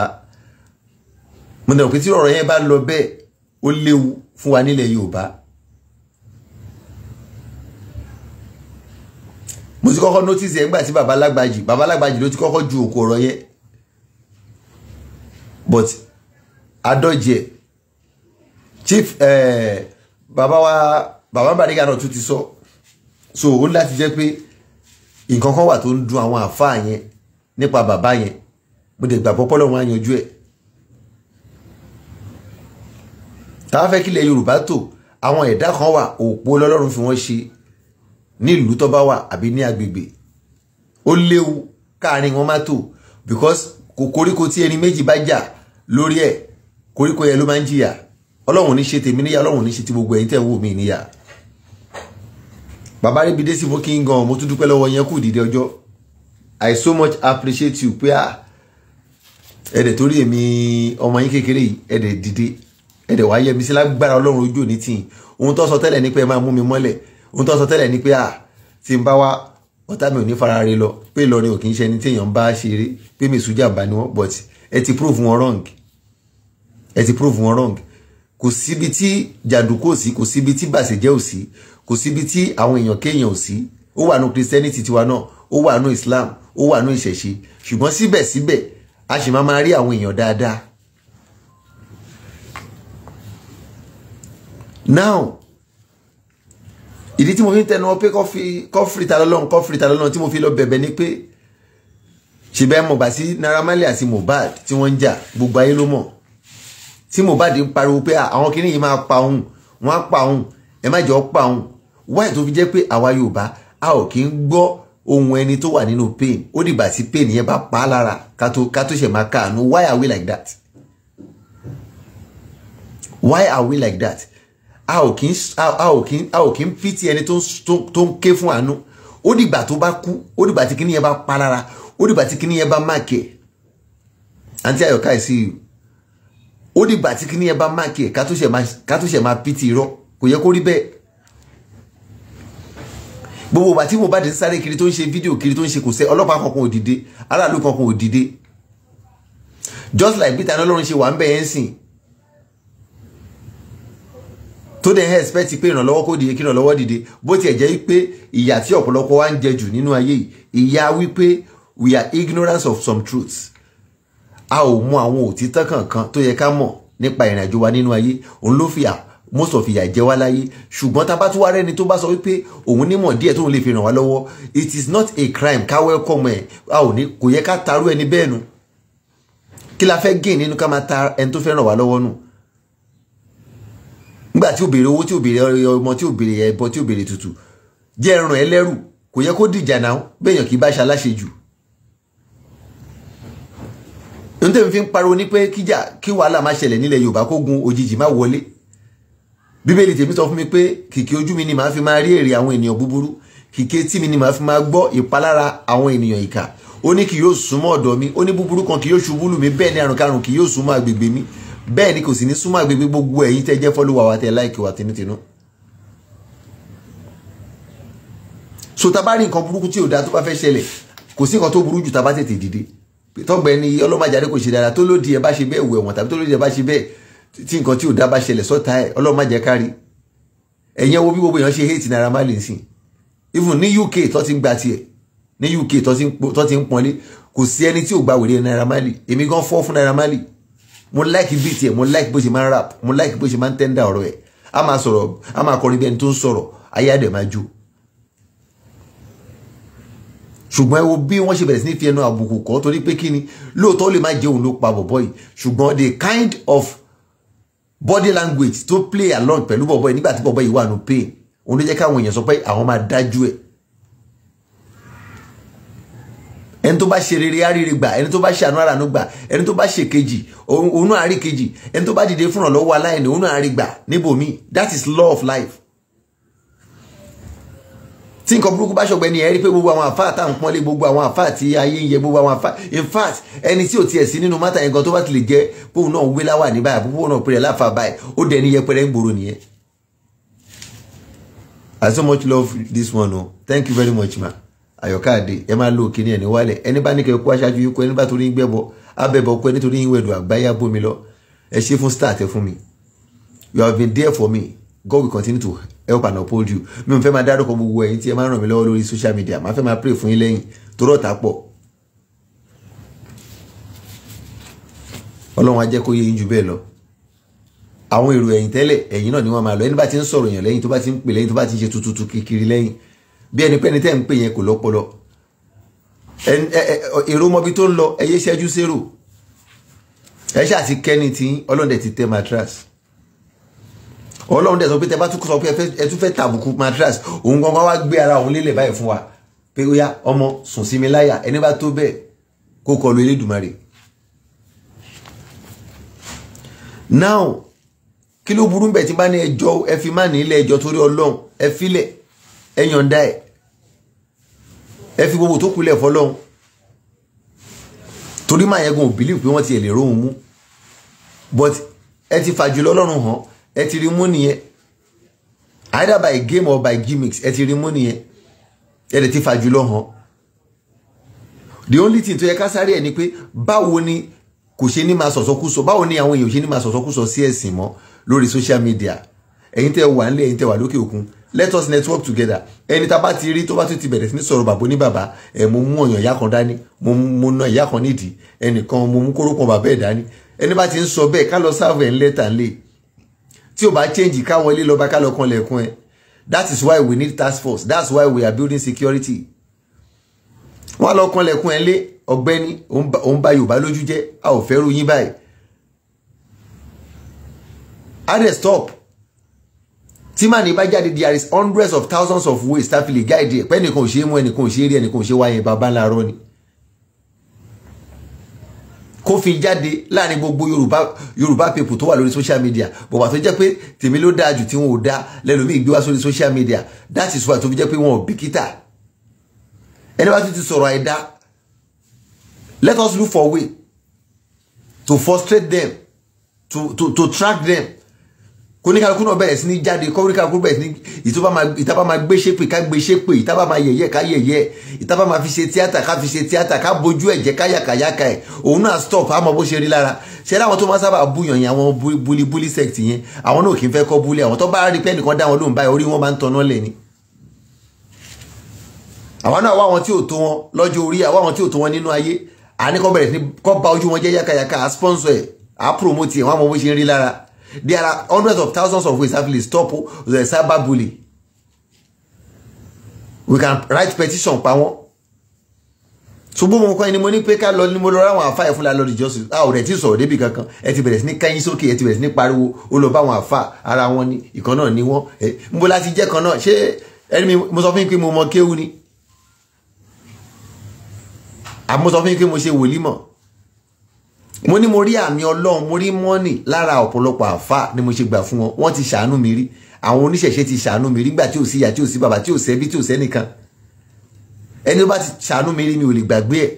mo dẹ̀ rò pé tí ọ̀rọ̀ yẹn bá lọ bẹ́ẹ̀ ó léwu fún wa nílẹ̀ Yorùbá mo ti kọ́kọ́ notice yẹn nígbà tí baba Lágbájì baba Lágbájì ló ti kọ́kọ́ ju òkú ọ̀rọ̀ yẹn but adọ́jẹ chief eh, baba wa baba Bariga náà tún ti sọ so ó ní láti jẹ́ pé nǹkan kan wà tó ń dun àwọn àfáà yẹn nípa bàbá yẹn mo dẹ̀ gbà pọ́pọ́ lọ́wọ́ á yanjú ẹ̀ tá a fẹ́ kílẹ̀ Yorùbá tó àwọn ẹ̀dá kan wà òpó lọ́lọ́run fi wọ́n ṣe ní ìlú tó bá wà àbí ní agbègbè ó léwu káàrin wọn má tò because kò koríko tí ẹni méjì bá jà lórí ẹ̀ koríko yẹn ló máa ń jìyà ọlọ́run ní ṣe tèmi níyà ọlọ́run ní ṣe ti gbogbo ẹ̀yin tẹ̀ ń wò mí níyà bàbá ríbi dé sí fún kí n gan mo tún dúpẹ́ lọ́wọ́ yẹn kù dìde ọjọ́ i so much appreciate you pé à ah, ẹ̀dẹ̀ torí èmi ọmọ yín kékeré yìí ẹ̀dẹ̀ dìde ẹ̀dẹ̀ wáyé mi sí lágbára ọlọ́run ojú òní tì ohun tó sọ tẹ́lẹ̀ ni ẹ máa mú mi mọ́lẹ̀ ohun tó sọ tẹ́lẹ̀ ni pé à tí n bá wá ọ̀tá mi ò ní fara re lọ pé Ìlọrin ò kì í ṣe ẹni tí èèyàn bá ṣe eré pé mi ìsújà bá ni wọ́n but ẹ ti prove wọn wrong ẹ ti prove wọn wrong kò síbi tí jàǹdùkú ò sí kò síbi tí bàṣẹjẹ́ ò sí kò síbi tí àwọn èèyàn kéèyàn ò sí ó wà nù Christianity tiwa náà ó wà nù Islam ó wà nù ìṣẹ̀ṣe ṣùgbọ́n síbẹ̀síbẹ̀ a sì máa máa rí àwọn èèyàn dáadáa now ìdí tí mo fi ń tẹnu ọ pé kọ́fìrì ta lọ́lọ́run kọ́fìrì ta lọ́lọ́run tí mo fi lọ bẹ̀bẹ̀ ni pé ṣe bẹ́ẹ̀ mọ̀ bá sí Naira Marley àti Mohbad tí wọ́n ń jà gbogbo ayé ló mọ̀ tí Mohbad ń pariwo pé àwọn kinní yìí máa pa òun wọ́n á pa òun ẹ má jọ pa òun wáyé tó fi jẹ́ pé àwa Yorùbá a ò kí ń gbọ́ ohun ẹni tó wà nínú pain ó dìgbà tí pain yẹn bá pa á lára ká tó ká máa káàánú why are we like that why are we like that a ò kí a ò kí a ò kí ń pity ẹni tó ń ké fún àánú ó dìgbà tó bá kú ó dìgbà tí kíní yẹn bá pa lára ó dìgbà tí kíní yẹn bá máàkì ẹ̀ àǹtí àyọ̀ká ẹ̀ sí i ó dìgbà tí kíní yẹn bá máàkì ẹ̀ ká tó ṣe máa pity irọ́ kò yẹ kó rí bẹ́ẹ̀ gbogbo ìgbà tí Mohbad ń sáré kiri tó ń ṣe fídíò kiri tó ń ṣe kò sẹ́ ọlọ́pàá kankan ò dìde aráàlú kankan ò dìde just like bí Tani Olohun ṣe wà ń bẹ̀ ẹ́ sìn tó dẹ̀ ń expect pé ìrànlọ́wọ́ kò dìde kí ìrànlọ́wọ́ dìde bó tiẹ̀ jẹ́ pé ìyà tí ọ̀pọ̀lọpọ̀ wa ń jẹ jù nínú ayé yìí ìyà wípé we are ignorance of some truths a ò mọ àwọn òtítọ́ kankan tó yẹ ká mọ̀ nípa ìrìn àjò wa nínú ayé òun ló fi à most of ìyà jẹ wá láyé ṣùgbọ́n tá a bá tún wá rẹ́ni tó bá sọ wípé òun nímọ̀ díẹ̀ tóun lè fi ràn wá lọ́wọ́ it is not a crime ká welcome ẹ̀ a ò ní kò yẹ ká tarú ẹni bẹ́ẹ̀ nu kí la fẹ́ gain nínú ká máa ta ẹni tó fẹ́ ràn wá lọ́wọ́ nù nígbà tí ó béèrè owó tí ó béèrè ọmọ tí ó béèrè ẹbọ tí ó béèrè tutù jẹ́ ẹran ẹlẹ́rù kò yẹ kó dìjà náà béèyàn kì í bá ṣe aláṣejù nítorí tèmi fi ń pariwo ní pé kíjà kí wàhálà má ṣẹlẹ̀ nílẹ̀ Yorùbá kó gun òjijì má wọlé bíbélì tèmi sọ fún mi pé kìkì ojú mi ni màá fi máa rí èrè àwọn ènìyàn búburú kìkì etí mi ni màá fi máa gbọ́ ìpalára àwọn ènìyàn ìkà ó ní kì yóò súnmọ́ ọ̀dọ̀ mi ó ní búburú kan kì yóò ṣubú lù mí bẹ́ẹ̀ ni àrùnkárùn kì yóò súnmọ́ agbègbè mi bẹ́ẹ̀ ni kò sì ní súnmọ́ àgbègbè gbogbo ẹ̀yin tẹ́ jẹ́ fọ́lọ́wọ́ wa tẹ́ láìkì wa tinútinú. so tá a bá rí nǹkan burúkú tí ò dáa tó bá fẹ́ ṣẹlẹ̀ kò sí nǹkan tó burú jù tá bá tètè dìde tọ́gbẹ́ ni ọlọ́màjáde kò ṣe dára tó lòdì ẹ̀ bá ṣe bẹ́ẹ̀ wẹ̀ wọ̀n tàbí tó lòdì ẹ̀ bá ṣe bẹ́ẹ̀ tí nǹkan tí ò dáa bá ṣẹlẹ̀ sọ́ta ẹ̀ ọlọ́màjẹ́ kárí ẹ̀yẹn wo bí gbogbo èèyàn ṣe hate Naira Marley sí even ní UK tó ti ń gba tiẹ̀ ní UK tó ti ń pọ́nlé kò sí ẹni tí ò gba wèrè Naira Marley èmi gan fọ́ fún Naira Marley mo like beat ẹ̀ mo like bó ṣe rap mo like bó ṣe máa ń tẹ́ndà ọ̀rọ̀ a máa sọ̀rọ̀ a máa kọrin bí ẹni tó ń sọ̀rọ̀ ayé àdẹ̀ máa jó ṣùgbọ́n ẹ wo bí wọ́n ṣe bẹ̀rẹ̀ sí ní fi ẹnu àbùkù kọ́ torí pé kí ni lóòótọ́ lè má jẹ́ òun ló pa bọ̀bọ̀ yìí ṣùgbọ́n the kind of body language tó play along pẹ̀lú bọ̀bọ̀ yìí nígbà tí bọ̀bọ̀ yìí wà nù pain òun ló jẹ́ káwọn èèyàn sọ pé àwọn máa dájú ẹ̀ ẹni tó bá ṣe rere aríire gbà ẹni tó bá ṣe àánú àràánú gbà ẹni tó bá ṣe kejì òun àárí kejì ẹni tó bá dìde fúnra lọ́wọ́ aláìní òun àárí gbà níbòmí that is law of life. tí nǹkan burúkú bá ṣọgbẹ́ ni ẹ rí pé gbogbo àwọn àfáà tá à ń pọ́nlé gbogbo àwọn àfáà tí ayé ń yẹ gbogbo àwọn àfáà in fact ẹni tí ò tiẹ̀ sí nínú mátà yẹn gan tó bá ti lè jẹ́ póun náà wé láwà ní báyìí àbúkú náà pèrè you àyọkáàdé ẹ máa lo kíní ẹni wálẹ̀ ẹni bá ní kẹ́ kó aṣáájú yín kó ẹni bá torí gbẹ́bọ abẹ́bọ kó ẹni torí ìwẹ̀dù àgbáyé abómi lọ ẹ ṣe fún star tẹ fún mi you have been there for me God will continue to help and uphold you mi ò fẹ́ máa dárúkọ gbogbo ẹ̀yin tí ẹ máa ràn mí lọ́wọ́ lórí social media máa fẹ́ máa pray fún yín lẹ́yìn toró ọ̀tá pọ̀ ọlọ́run á jẹ́ kó yé yín jù bẹ́ẹ̀ lọ àwọn èrò ẹ̀yìn tẹ́lẹ̀ ẹ̀yìn náà ni wọ́n máa lọ ẹni bá ti ń sọ̀rọ̀ èèyàn lẹ́yìn tó bá ti ń pè lẹ́yìn tó bá ti ń ṣe tututu kiri lẹ́yìn bí ẹni pẹ́ni tẹ́ ń pè yẹn kò lọ́pọlọ èrò mọbi tó ń lọ ẹyẹ ṣẹ́jú sérò ẹ ṣáà kẹ́ni tí ọlọ́run ti tẹ matras ọlọ́run dẹ̀ sọ pé tẹ bá tún sọ pé ẹ tún fẹ́ tàbùkù matras òun gangan wá gbé ara òun lélẹ̀ báyìí fún wa pé ó yá ọmọ sùn sí mi láyà ẹni bá tó bẹ́ẹ̀ kó kọlu elédùnmarè now kí ló burú bẹ̀ tí bá ní ẹjọ́ ẹ fi má ní ẹjọ́ torí ọlọ́run ẹ filẹ̀ ẹ yọ̀ǹda ẹ̀ ẹ fi gbogbo tó kulẹ̀ fọlọ́hún torí máa yẹgun ò bìlíì pé wọ́n ti lè róhun mú but ẹ ti fàjù lọ́lọ́run hàn ẹ ti rí mú nìyẹn either by game or by gimmicks ẹ ti rí mú nìyẹn ẹ lè ti fàjù lọ the only thing tó yẹ ká sáré ẹ ni pé báwo ni kò ṣe ní máa sọ̀sọ́kúsọ báwo ni àwọn èèyàn ṣe ní máa sọ̀sọ́kúsọ sí ẹ̀sìn mọ́ lórí social media ẹ̀yin tẹ́ wà nílé ẹ̀yin tẹ́ wà lókè òkun let us network together ẹni tá a bá ti rí tó bá tún ti bẹ̀rẹ̀ sí ní sọ̀rọ̀ bàbá ní bàbá ẹ̀ mo mú ọ̀yàn ìyá kan dání mo na ìyá kan nídìí ẹnìkan mo mú kóró bàbá ẹ̀ dání ẹni bá ti ń sọ bẹ́ẹ̀ ká lọ sáfẹ̀ ń lẹ́tà ń lè tí ò bá change ká wọlé lọ́ba ká lọ kan lẹ̀kún ẹ̀ that is why we need task force That is why we are building security wọ́n lọ kan lẹ̀kún ẹ̀ lé ọ̀gbẹ́ni òun ba Yorùbá lójú jẹ́ a ò fẹ́ rú stop tí màní bá jáde there is hundreds of thousands of ways tá a fi lè gáìdì ẹ̀ pé ẹnìkan ò ṣe é mú ẹnìkan ò ṣe é rí ẹnìkan ò ṣe é wáyé bàbá ńlá rọ ni. kó fi jáde láàrin gbogbo yorùbá yorùbá people tó wà lórí social media bọ̀bà tó jẹ́ pé tèmi ló dáa jù tí wọn ò dáa lẹ́lòmíì gbé wá sórí social media that is why tó fi jẹ́ pé wọn ò bìkítà ẹni bá tún ti sọ̀rọ̀ àìdá let us look for way to frustrate them to to to track them kóníkàlùkù náà bẹ̀rẹ̀ sí ní jáde kóníkàlùkù bẹ̀rẹ̀ sí ní ìtàbá máa gbé ṣépè ká gbé ṣépè ìtàbá máa yẹ̀yẹ́ ká yẹ̀yẹ́ ìtàbá máa fi ṣe tíátà ká fi ṣe tíátà ká bójú ẹ̀jẹ̀ ká yàkàyàkà ẹ̀ òun náà stop àmọ́ bó ṣe rí lára ṣe láwọn tó máa sábà búyàn yẹn àwọn búlí búlí sect yẹn àwọn náà kì í fẹ́ kọ́ búlí àwọn tó bá rí pé ẹnìkan dá wọn lóhùn báyìí orí wọn máa ń tanná lẹ̀ ni àwọn náà wá àwọn tí ò tó wọn lọ́jọ́ orí àwọn àwọn tí ò tó wọn nínú ayé àníkọ́ bẹ̀rẹ̀ sí kọ́ ba ojú wọn jẹ́ sponsor ẹ̀ à promote ẹ̀ wọ́n á There are hundreds of thousands of ways to actually stop the cyber cyberbullying. We can write petition pa wọ́n. ṣùgbọ́n mo kọ́ ẹni mo ní pé ká lọ ní mo lọ ráwọn àfa ẹ̀ fún la lọ́dún ìjọsìn a ò rẹ̀ tí sọ̀rọ̀ débi kankan ẹ ti bẹ̀rẹ̀ sí ní kẹ́yìn sókè ẹ ti bẹ̀rẹ̀ sí ní pariwo ó àfa ara wọn ni ìkan náà ni wọ́n ẹ ń bo láti jẹ́ kan náà ṣé ẹni mi mo sọ fún yín pé mo mọ kéwú ni àmọ́ sọ fún yín pé mo ṣe wòlímọ̀ mo ní mo rí àmì ọlọ́run mo rí mọ́nì lára ọ̀pọ̀lọpọ̀ àfa ni mo ṣe gbà fún wọn wọ́n ti ṣàánú mi rí àwọn oníṣẹ̀ṣe ti ṣàánú mi rí gbà tí ò sí ìyá tí ò sí bàbá tí ò sẹ́bí tí ò sẹ́nìkan ẹni tó bá ti ṣàánú mi rí mi ò lè gbàgbé ẹ̀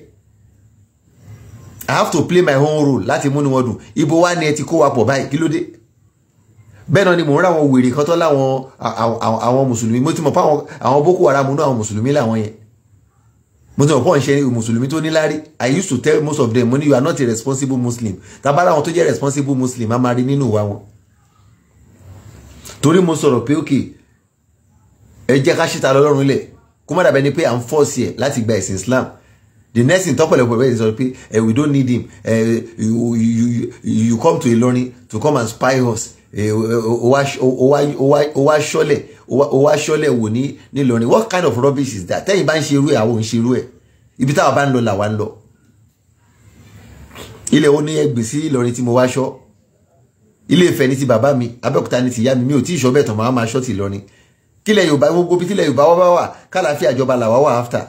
I have to play my own role láti múnú wọn dùn ibo wá ni ẹ ti kó wa pọ̀ báyìí kí ló dé bẹ́ẹ̀ náà ni mò ń ra àwọn wèrè kan tó láwọn àwọn mùsùlùmí mo ti mọ̀ pé àwọn Boko Haram náà àwọn mùsùlùmí làwọn yẹn mo ti mọ̀ pọ̀ ń ṣe mùsùlùmí tó níláárí i used to tell most of them mo you are not a responsible muslim tabara àwọn tó jẹ́ responsible muslim a máa rí nínú wa wọn torí mo sọ̀rọ̀ pé òkè ẹ jẹ́ ká ṣíta lọ́lọ́run lẹ̀ kó má dàbẹ́ ni pé à ń fọ́ọ̀sì ẹ̀ láti gba ẹ̀sìn islam the next thing tọ́pọ̀lọpọ̀ bẹ́ẹ̀ sọ pé eh, we don't need him eh, you, you, you, come to Ilorin to come and spy us eh, o wá ṣọlẹ̀ ó wá ṣọ́lẹ̀ wò ní nílọrin what kind of rubbish is that tẹ́yìn bá ń ṣerú ẹ̀ àwọn ò ń ṣerú ẹ̀ ibi táwa bá ń lọ làwa ń lọ ilẹ̀ ó ní ẹgbìn sí ìlọrin tí mo wá ṣọ́ ilé Ifẹ̀ ní ti bàbá mi abẹ́òkúta ní ti ìyá mi mi ò tí ì ṣọ́ bẹ́ẹ̀ tán màá máa ṣọ́ ti ìlọrin kílẹ̀ yorùbá gbogbo bí kílẹ̀ yorùbá wá bá wà kálàáfíà ìjọba làwa wà after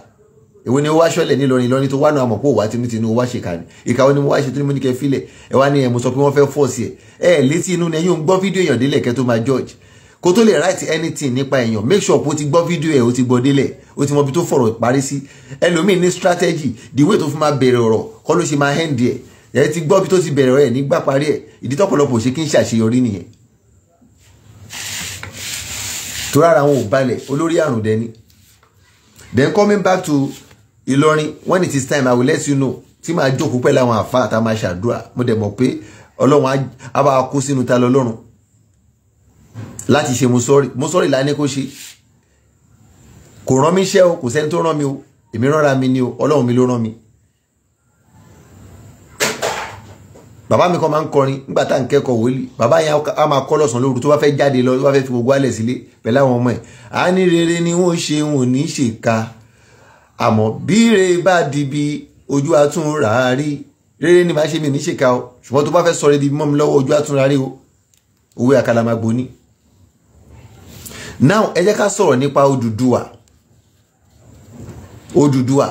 èwo ni ó wá ṣọlẹ̀ nílọrin ìlọrin tó wà náà àmọ̀ pé òwà tinútinú ó wá ṣe kàní ìka ó ní mo wá ṣe tó ní mo ní kẹ́ fílẹ̀ ẹ wá ní ẹ mo sọ pé wọ́n fẹ́ fọ́ọ̀sì ẹ ẹ létí inú ni ẹ̀yin ò ń gbọ́ fídíò èèyàn délẹ̀ kẹ́ tó máa George kó tó lè write anything nípa èèyàn make sure pé o ti gbọ́ fídíò ẹ̀ o ti gbọ́ délẹ̀ o ti mọ tó fọ̀rọ̀ ìparí sí ẹlòmíì ní strategy the way tó fi máa bẹ̀rẹ̀ ọ̀rọ̀ kọ́ ló ṣe máa end ẹ̀ ẹ̀ ti gbọ́ ibi tó ti bẹ̀rẹ̀ ẹ̀ nígbà parí ẹ̀ ìdí tọ́pọ̀lọpọ̀ ṣe kí n ṣàṣeyọrí nìyẹn tó rárá wọn ò balẹ̀ olórí àrùn dẹni then coming back to Ìlọrin when it is time I will let you know tí màá jókòó pẹ̀lú àwọn àfa àtàwọn aṣàdúrà mo dẹ̀ mọ̀ pé ọlọ́run á bá kó sínú ta lọ́lọ́run láti ṣe mọ́sọ́rì mọ́sọ́rì la ní kó ṣe kò rán mi iṣẹ́ o kò sẹ́ni tó rán mi o èmi rán ra mi ni o ọlọ́run mi ló rán mi. bàbá mi kan máa ń kọrin nígbà tá à ń kẹ́kọ̀ọ́ wòlíì bàbá yẹn á máa kọ́ lọ́sàn-án lóru tó bá fẹ́ jáde lọ tó bá fẹ́ fi gbogbo alẹ̀ sílé pẹ̀lú àwọn ọmọ ẹ̀ á ní rere ni wọ́n ṣe wọn ò ní ṣèkà àmọ́ bí rere bá di bi ojú atún rà rere ni màá ṣe mi ní ṣèkà o ṣùgbọ́n tó bá fẹ́ sọ rẹ mọ́ mi lọ́wọ́ ojú atún rà o òwe àkàlà máa gbóni now ẹ jẹ́ ká sọ̀rọ̀ nípa Odùduwà Odùduwà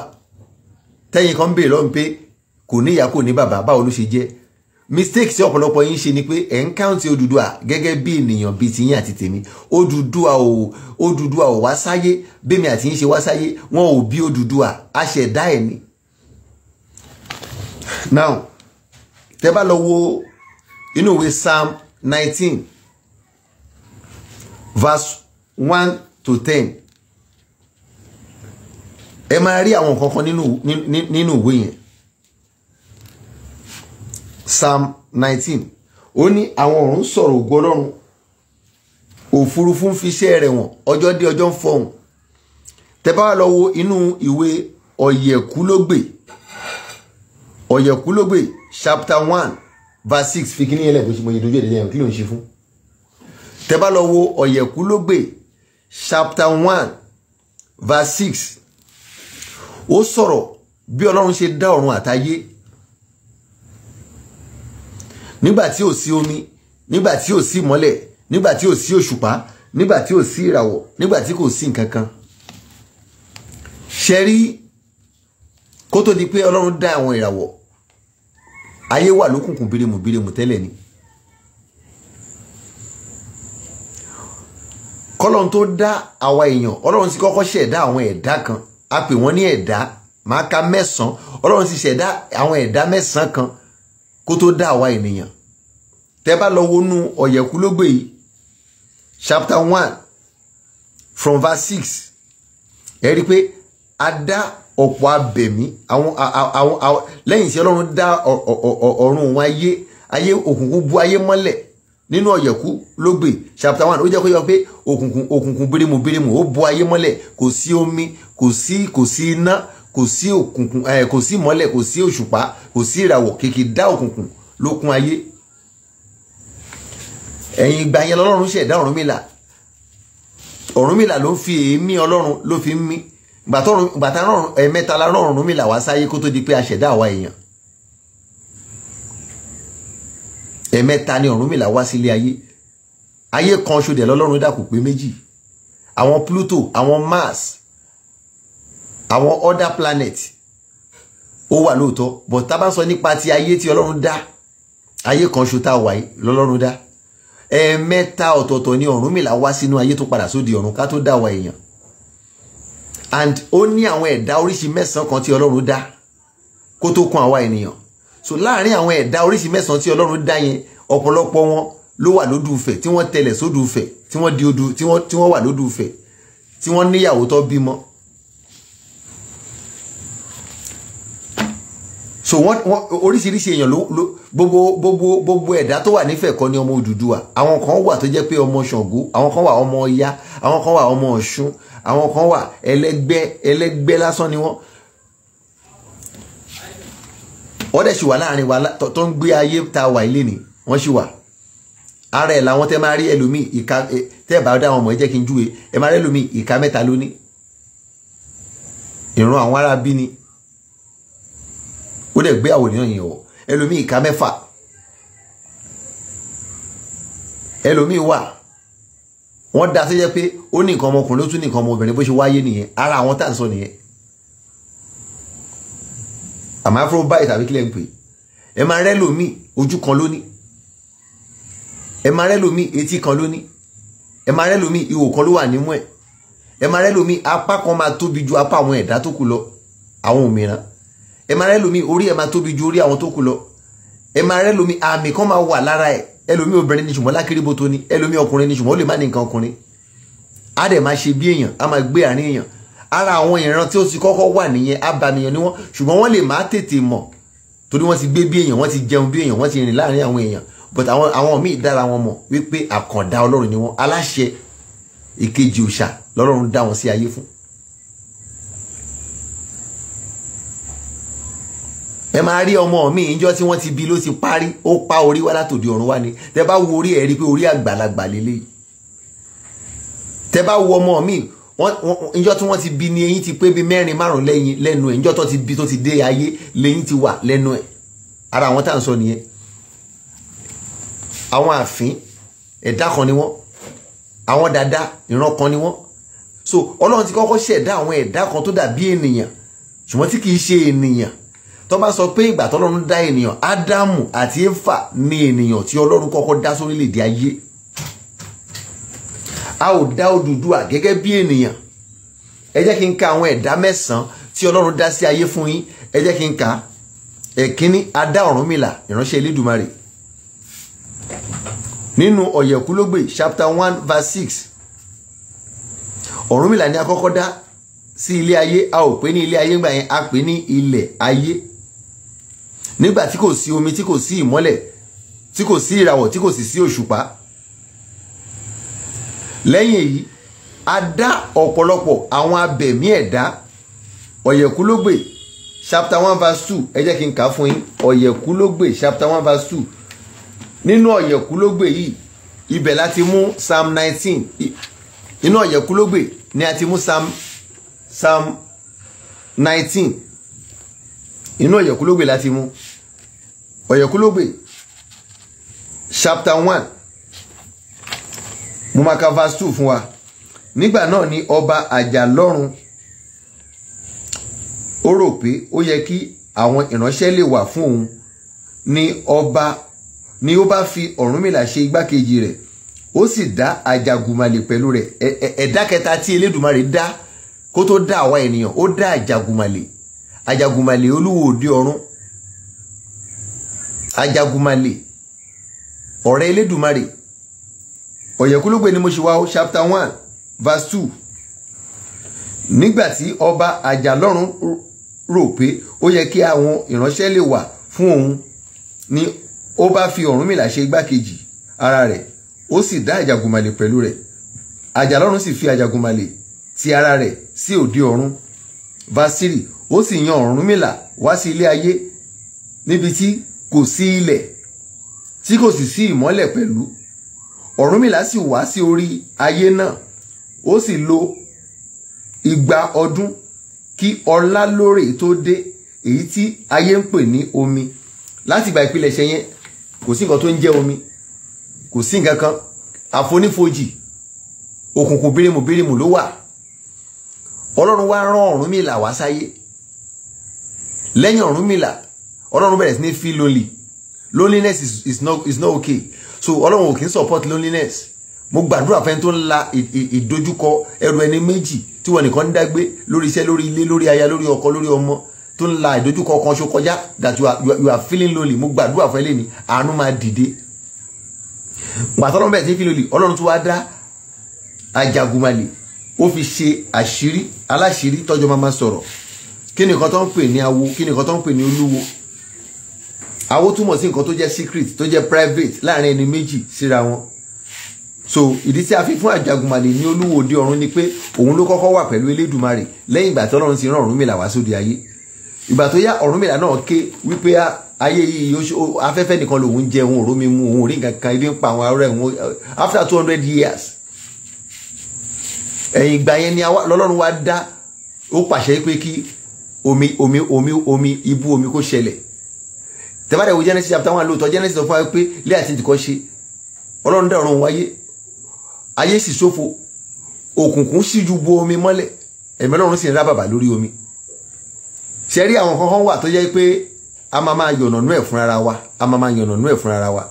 tẹ́yìn kan béèrè lọ́nù pé kò ní ìyá kò ní bàbá báwo ló ṣe jẹ́ mistake tí ọ̀pọ̀lọpọ̀ yín ṣe ni pé ẹ̀ ń káùntì Odùduwà gẹ́gẹ́ bí ènìyàn bíi tiyín àti tèmi Odùduwà ò Odùduwà ò wá sáyé bẹ́mi àti yín ṣe wá sáyé wọn ò bí Odùduwà aṣẹ̀dá ẹ̀ ni. now tẹ́ bá lọ wo inú ìwé Psalm nineteen verse one to ten ẹ máa rí àwọn nǹkan kan nínú ìwé yẹn psalm nineteen ó ní àwọn ọ̀run sọ̀rọ̀ ògo ọlọ́run òfurufú ń fi iṣẹ́ rẹ̀ wọ̀n ọjọ́ dé ọjọ́ ń fọhùn tẹ́ bá lọ wo inú ìwé ọ̀yẹ̀kúlógbè ọ̀yẹ̀kúlógbè chapter one verse six fi kíní ẹlẹ́gbẹ̀ẹ́ mo yẹ dojú ẹ̀dẹ́dẹ́ yẹn kí ló ń ṣe fún tẹ́ bá lọ wo ọ̀yẹ̀kúlógbè chapter one verse six ó sọ̀rọ̀ bí ọlọ́run ṣe dá ọ̀run àtayé nígbà tí ò sí omi nígbà tí ò sí ìmọ́lẹ̀ nígbà tí ò sí òṣùpá nígbà tí ò sí ìràwọ̀ nígbà tí kò sí nǹkan kan ṣe rí kó tó di pé ọlọ́run dá àwọn ìràwọ̀ ayé wà lókùnkùn bírimù tẹ́lẹ̀ ni. kọ́lọ́n tó dá àwa èèyàn ọlọ́run ti kọ́kọ́ ṣẹ̀dá àwọn ẹ̀dá kan a pè wọ́n ní ẹ̀dá máa ka mẹ́sàn-án ọlọ́run ti ṣẹ̀dá àwọn ẹ̀dá mẹ́sàn-án kan kó tó dá àwa ènìyàn tẹ́ bá lọ wọnú ọ̀yẹ̀kúlógbè yìí chapter one from verse six ẹ rí i pé a dá ọ̀pọ̀ abẹ̀mí àwọn àwọn lẹ́yìn tí ọlọ́run dá ọ̀run òun ayé ayé òkùnkùn bu ayé mọ́lẹ̀ nínú ọ̀yẹ̀kú ló gbè chapter one ó jẹ́ kó yọ pé òkùnkùn òkùnkùn birimu birimu ó bo ayé mọ́lẹ̀ kò sí omi kò sí kò sí iná kò sí òkùnkùn ẹ̀ eh, kò sí mọ́lẹ̀ kò sí òṣùpá kò sí ìràwọ̀ kìkì dá òkùnkùn ló kún ayé ẹ̀yìn ìgbà yẹn lọ́lọ́run ṣẹ̀dá Ọ̀rúnmìlà Ọ̀rúnmìlà ló ń fi èémí ọlọ́run ló fi ń mí gbàtà ẹ̀mẹ́ta la rán Ọ̀rúnmìlà wá sáyé kó tó di pé a ṣẹ̀dá àwa èèyàn ẹ̀mẹ́ta ni Ọ̀rúnmìlà wá sílé ayé ayé kan ṣo dẹ̀ lọ́lọ́run dà kò pé méjì àwọn Pluto àwọn Mars àwọn other planet ó wà lóòótọ́ but tá a bá sọ nípa ti ayé tí Ọlọ́run dá ayé kan ṣo tá a wà yìí lọ́lọ́run dá ẹ̀ẹ̀mẹ́ta ọ̀tọ̀ọ̀tọ̀ ni Ọ̀rúnmìlà wá sínú ayé tó padà sóde ọ̀run ká tó dá wa èèyàn and ó ní àwọn ẹ̀dá oríṣi mẹ́sàn-án kan tí Ọlọ́run dá kó tó kún àwa ènìyàn so láàrin àwọn ẹ̀dá oríṣi mẹ́sàn-án tí ọlọ́run dá yẹn ọ̀pọ̀lọpọ̀ wọn ló wà lódùfẹ̀ tí wọ́n tẹlẹ̀ sódùfẹ̀ tí wọ́n di odù tí wọ́n tí wọ́n wà lódùfẹ̀ tí wọ́n níyàwó tó bímọ. so wọ́n wọ́n oríṣiríṣi èèyàn ló ló gbogbo gbogbo gbogbo ẹ̀dá tó wà nífẹ̀ kọ́ ni ọmọ Odùduwà àwọn kan wà tó jẹ́ pé ọmọ Ṣàngó àwọn kan wà ọmọ Ọya àwọn kan wà ọmọ Ọ̀ṣun àwọn kan wà ẹlẹ́gbẹ́ ẹlẹ́gbẹ́ lásán ni wọ́n wọ́n dẹ̀ ṣì wà láàrin wa tó ń gbé ayé ta wà ilé ni wọ́n ṣì wà ara ẹ̀ làwọn tẹ́ máa rí ẹlòmíì ìka tẹ́ ẹ̀ bá dá àwọn ọmọ ẹ jẹ́ kí n júwe ẹ máa rí ẹlòmíì ìka mẹ́ta lóní ìran àwọn ará bí ni ó dẹ̀ gbé àwòrán yìí wọ̀ ẹlòmíì ìka mẹ́fà ẹlòmíì wà wọ́n dá sí jẹ́ pé ó ní nǹkan ọmọkùnrin ó tún ní nǹkan ọmọbìnrin bó ṣe wáyé nìyẹn ara àwọn tá à ń sọ nìyẹn àmọ́ afro báyìí tàbí kílẹ̀ ń pè ẹ máa rẹ́ lómi ojú kan lóní ẹ máa rẹ́ lómi etí kan lóní ẹ máa rẹ́ lómi ihò kan ló wà nímú ẹ̀ ẹ máa rẹ́ lómi apá kan máa tóbi ju apá àwọn ẹ̀dá tó kù lọ àwọn òmíràn ẹ máa rẹ́ lómi orí ẹ máa tóbi ju orí àwọn tó kù lọ ẹ máa rẹ́ lómi àmì kan máa wà lára ẹ̀ ẹlòmí obìnrin ni ṣùgbọ́n lákìrìbó tó ní ẹlòmí ọkùnrin ni ṣùgbọ́n ó lè má ní nǹkan ọkùnrin á dẹ̀ máa ṣe bí èèyàn á máa gbé àárín èèyàn ara àwọn ìran tí ó ti kọ́kọ́ wà nìyẹn abàmìyàn ni wọ́n ṣùgbọ́n wọ́n lè má tètè mọ̀ torí wọ́n ti gbé bí èèyàn wọ́n ti jẹun bí èèyàn wọ́n ti rìn láàrin àwọn èèyàn but àwọn àwọn míì dára wọn mọ̀ wípé àkàndá ọlọ́run ni wọ́n aláṣẹ ìkejì òòṣà lọ́lọ́run dá wọn sí ayé fún. ẹ máa rí ọmọ mi ìjọ tí wọ́n ti bí ló ti parí ó pa orí wá látòdì ọ̀run wá ni tẹ bá wo orí ẹ̀ rí pé orí àgbàlagbà lélẹ́yìí tẹ bá wo ọmọ mi njọ́ tí wọ́n ti bí ni eyín ti pé bí mẹ́rin márùn lẹ́yìn lẹ́nu ẹ̀ njọ́ tó ti bí tó ti dé ayé lẹ́yìn ti wà lẹ́nu ẹ̀ ara àwọn tá à ń sọ nìyẹn àwọn àfin ẹ̀dá kan ni wọ́n àwọn dada ìran kan ni wọ́n so ọlọ́run ti kọ́kọ́ ṣẹ̀dá àwọn ẹ̀dá kan tó dàbí ènìyàn ṣùgbọ́n tí kìí ṣe ènìyàn tó bá sọ pé ìgbà tọ́lọ́run dá ènìyàn ádámù àti éfà ni ènìyàn tí ọlọ́run kọ́kọ́ dá sórílẹ̀-èdè ayé a ò dá Odùduwà gẹ́gẹ́ bí ènìyàn ẹ jẹ́ kí n ka àwọn ẹ̀dá mẹ́sàn-án tí Ọlọ́run dá sí ayé fún yín ẹ jẹ́ kí n ka ẹ̀kíní a dá Ọ̀rúnmìlà ìránṣẹ́ Elédùmarè nínú Ọ̀yẹ̀kúlógbè chapter one verse six Ọ̀rúnmìlà ni a kọ́kọ́ dá sí ilé ayé a ò pè ní ilé ayé ńgbà yẹn a pè ní ilẹ̀ ayé nígbà tí kò sí omi tí kò sí ìmọ́lẹ̀ tí kò sí ìràwọ̀ tí kò sì sí òṣùpá lẹ́yìn èyí a dá ọ̀pọ̀lọpọ̀ àwọn abẹ̀mí ẹ̀dá ọ̀yẹ̀kúlógbè chapter one verse two ẹ jẹ́ kí n kà á fún yín ọ̀yẹ̀kúlógbè chapter one verse two nínú ọ̀yẹ̀kúlógbè yìí ibẹ̀ láti mú psalm nineteen nínú ọ̀yẹ̀kúlógbè ni a ti mú psalm psalm nineteen nínú ọ̀yẹ̀kúlógbè láti mú ọ̀yẹ̀kúlógbè chapter one mo máa ka verse two fún wa nígbà náà ni ọba àjàlọ́run ó rò pé ó yẹ kí àwọn ìránṣẹ́ lè wà fún òun ni ọba ni ó bá fi ọ̀rúnmìlà ṣe igbákejì rẹ̀ ó sì dá àjàgùnmalè pẹ̀lú rẹ̀ ẹ̀dá kẹta tí elédùnmarè dá kó tó dá àwa ènìyàn ó dá àjàgùnmalè àjàgùnmalè olúwo òde ọ̀run àjàgùnmalè ọ̀rẹ́ elédùnmarè ọ̀yẹ̀kúlógbè ni mo ṣe wá o chapter one verse two nígbà tí ọba àjàlọ́run rò pé ó yẹ kí àwọn ìránṣẹ́ lè wà fún òun ni ó bá fi ọ̀rúnmìlà ṣe igbákejì ara rẹ̀ ó sì dá àjàgùnmalè pẹ̀lú rẹ̀ àjàlọ́run sì fi àjàgùnmalè ti ara rẹ̀ sí òde ọ̀run vasiri ó sì yan ọ̀rúnmìlà wá sí ilé ayé níbi tí kò sí ilẹ̀ tí kò sì sí ìmọ́lẹ̀ pẹ̀lú ọ̀rúnmìlà sì wá sí orí ayé náà ó sì lo igba ọdún kí ọlá lóore tó dé èyí tí ayé ń pè ní omi láti ìgbà ìpilẹ̀ṣẹ̀ yẹn kò sí nǹkan tó ń jẹ́ omi kò sí nǹkan kan àfonífojì òkùnkùn bírímù bírímù ló wà ọlọ́run wá rán ọ̀rúnmìlà wá sáyé lẹ́yìn ọ̀rúnmìlà ọlọ́run bẹ̀rẹ̀ sí ní feel lonely loneliness is, is, not, is not okay so ọlọ́run ò kì í support loneliness mo gbàdúrà fẹ́ni tó ń la ìdojúkọ ẹrù ẹni méjì tí wọn nìkan ń dágbé lórí iṣẹ́ lórí ilé lórí aya lórí ọkọ lórí ọmọ tó ń la ìdojúkọ kan ṣo kọjá that you are, you are feeling lonely mo gbàdúrà fún eléyìí àánú máa dìde pàtọ́lọ́mù bẹ́ẹ̀ tí ń fi lòlì ọlọ́run tó wá dá ajagunmalè ó fi ṣe àṣírí aláṣírí tọ́jú máa máa sọ̀rọ̀ kí nìkan tó ń pè ní awo kí nìkan tó ń pè ní olúwo awo túmọ̀ sí nǹkan tó jẹ́ secret tó jẹ́ private láàrin ẹni méjì síra wọn so ìdí tí a fi fún àjàgùnmàlè ní olúwo òde ọ̀run ni pé òun ló kọ́kọ́ wà pẹ̀lú elédùmarè lẹ́yìn ìgbà tí ọlọ́run ti rán ọ̀rúnmìlà wá sóde ayé ìgbà tó yá ọ̀rúnmìlà náà ké wípé ah, ayé yìí afẹ́fẹ́ nìkan lòun jẹ òun òró mi mu òun rí nǹkan kan ibi ń pa àwọn ará ẹ̀hún after two hundred years ẹ̀yìn ìgbà yẹn ni lọ́lọ́run wá dá ó pàṣẹ pé kí omi omi omi omi ibú omi kó ṣẹlẹ̀ tẹ́bàdà ìwé Genesis chapter one lóòótọ́ Genesis sọ fún wa pé lé àti ìdìkọ́ ṣe ọlọ́run dá ọ̀run wáyé ayé sì ṣófo òkùnkùn sì ju bo omi mọ́lẹ̀ ẹ̀mí ọlọ́run sì ń rábàbà lórí omi ṣe rí àwọn kankan wà tó jẹ́ pé a máa máa yọ̀nà nú ẹ̀ fún ara wa a máa máa yọ̀nà nú ẹ̀ fún ara wa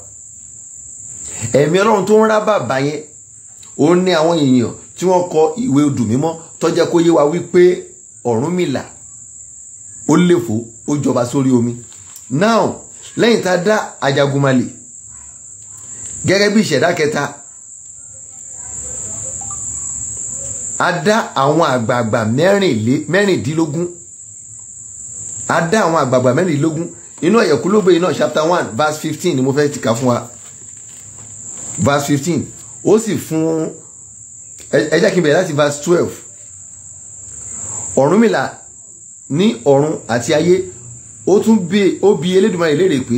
ẹ̀mí ọlọ́run tó ń rábàbà yẹn òun ní àwọn èèyàn tí wọ́n kọ ìwé odù mímọ́ tó jẹ́ kó yé wa wípé Ọ̀rúnmìlà ó léfò ó jọba sórí omi now lẹ́yìn tá a dá Ajagunmalè gẹ́gẹ́ bí ìṣẹ̀dá kẹta a dá àwọn àgbààgbà mẹ́rìndínlógún a dá àwọn àgbààgbà mẹ́rìndínlógún inú ẹ̀yẹ̀kúlógbè iná chapter one verse fifteen ni mo fẹ́ ti kà fún wa verse fifteen ó sì fún ẹ jẹ́ kí n bẹ̀rẹ̀ láti verse twelve Ọ̀rúnmìlà ní ọ̀run àti ayé ó tún bí ó bi elédùnmarè léèrè pé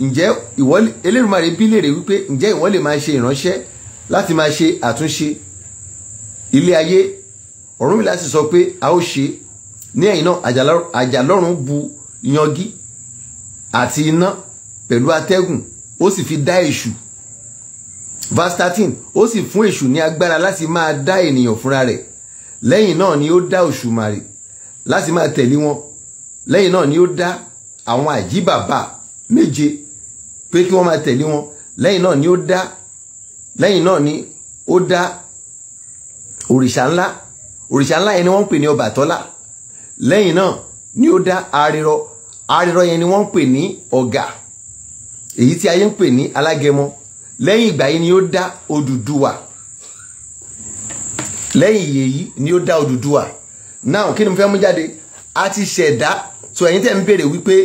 ǹjẹ́ ìwọ elédùnmarè bí léèrè wípé ǹjẹ́ ìwọ lè máa ṣe ìránṣẹ́ láti máa ṣe àtúnṣe ilé ayé Ọ̀rúnmìlà sì sọ pé a ó ṣe ní ẹ̀yìn náà àjàlọ́run bu yangi àti iná pẹ̀lú atẹ́gùn ó sì fi dá èṣù verse thirteen ó sì fún èṣù ní agbára láti máa dá ènìyàn fúnra rẹ̀ lẹ́yìn náà ni ó dá òṣùmàrè láti máa tẹ̀lé wọn lẹ́yìn náà ni ó dá àwọn àjíbàbà méje pé kí wọ́n máa tẹ̀lé wọn lẹ́yìn náà ni ó dá lẹ́yìn náà ni ó dá òrìṣà ńlá òrìṣà ńlá yẹn ni wọ́n ń pè ní Ọbàtọ́lá lẹ́yìn náà ni ó dá arírọ arírọ yẹn ni wọ́n ń pè ní Ọ̀gà èyí tí ayé ń pè ní alágẹmọ lẹ́yìn ìgbà yìí ni ó dá Odùduwà lẹ́yìn èyí ni ó dá Odùduwà náà kí ni mo fẹ́ mú jáde a ti ṣẹ̀dá tó ẹ̀yin tẹ̀ ń béèrè wípé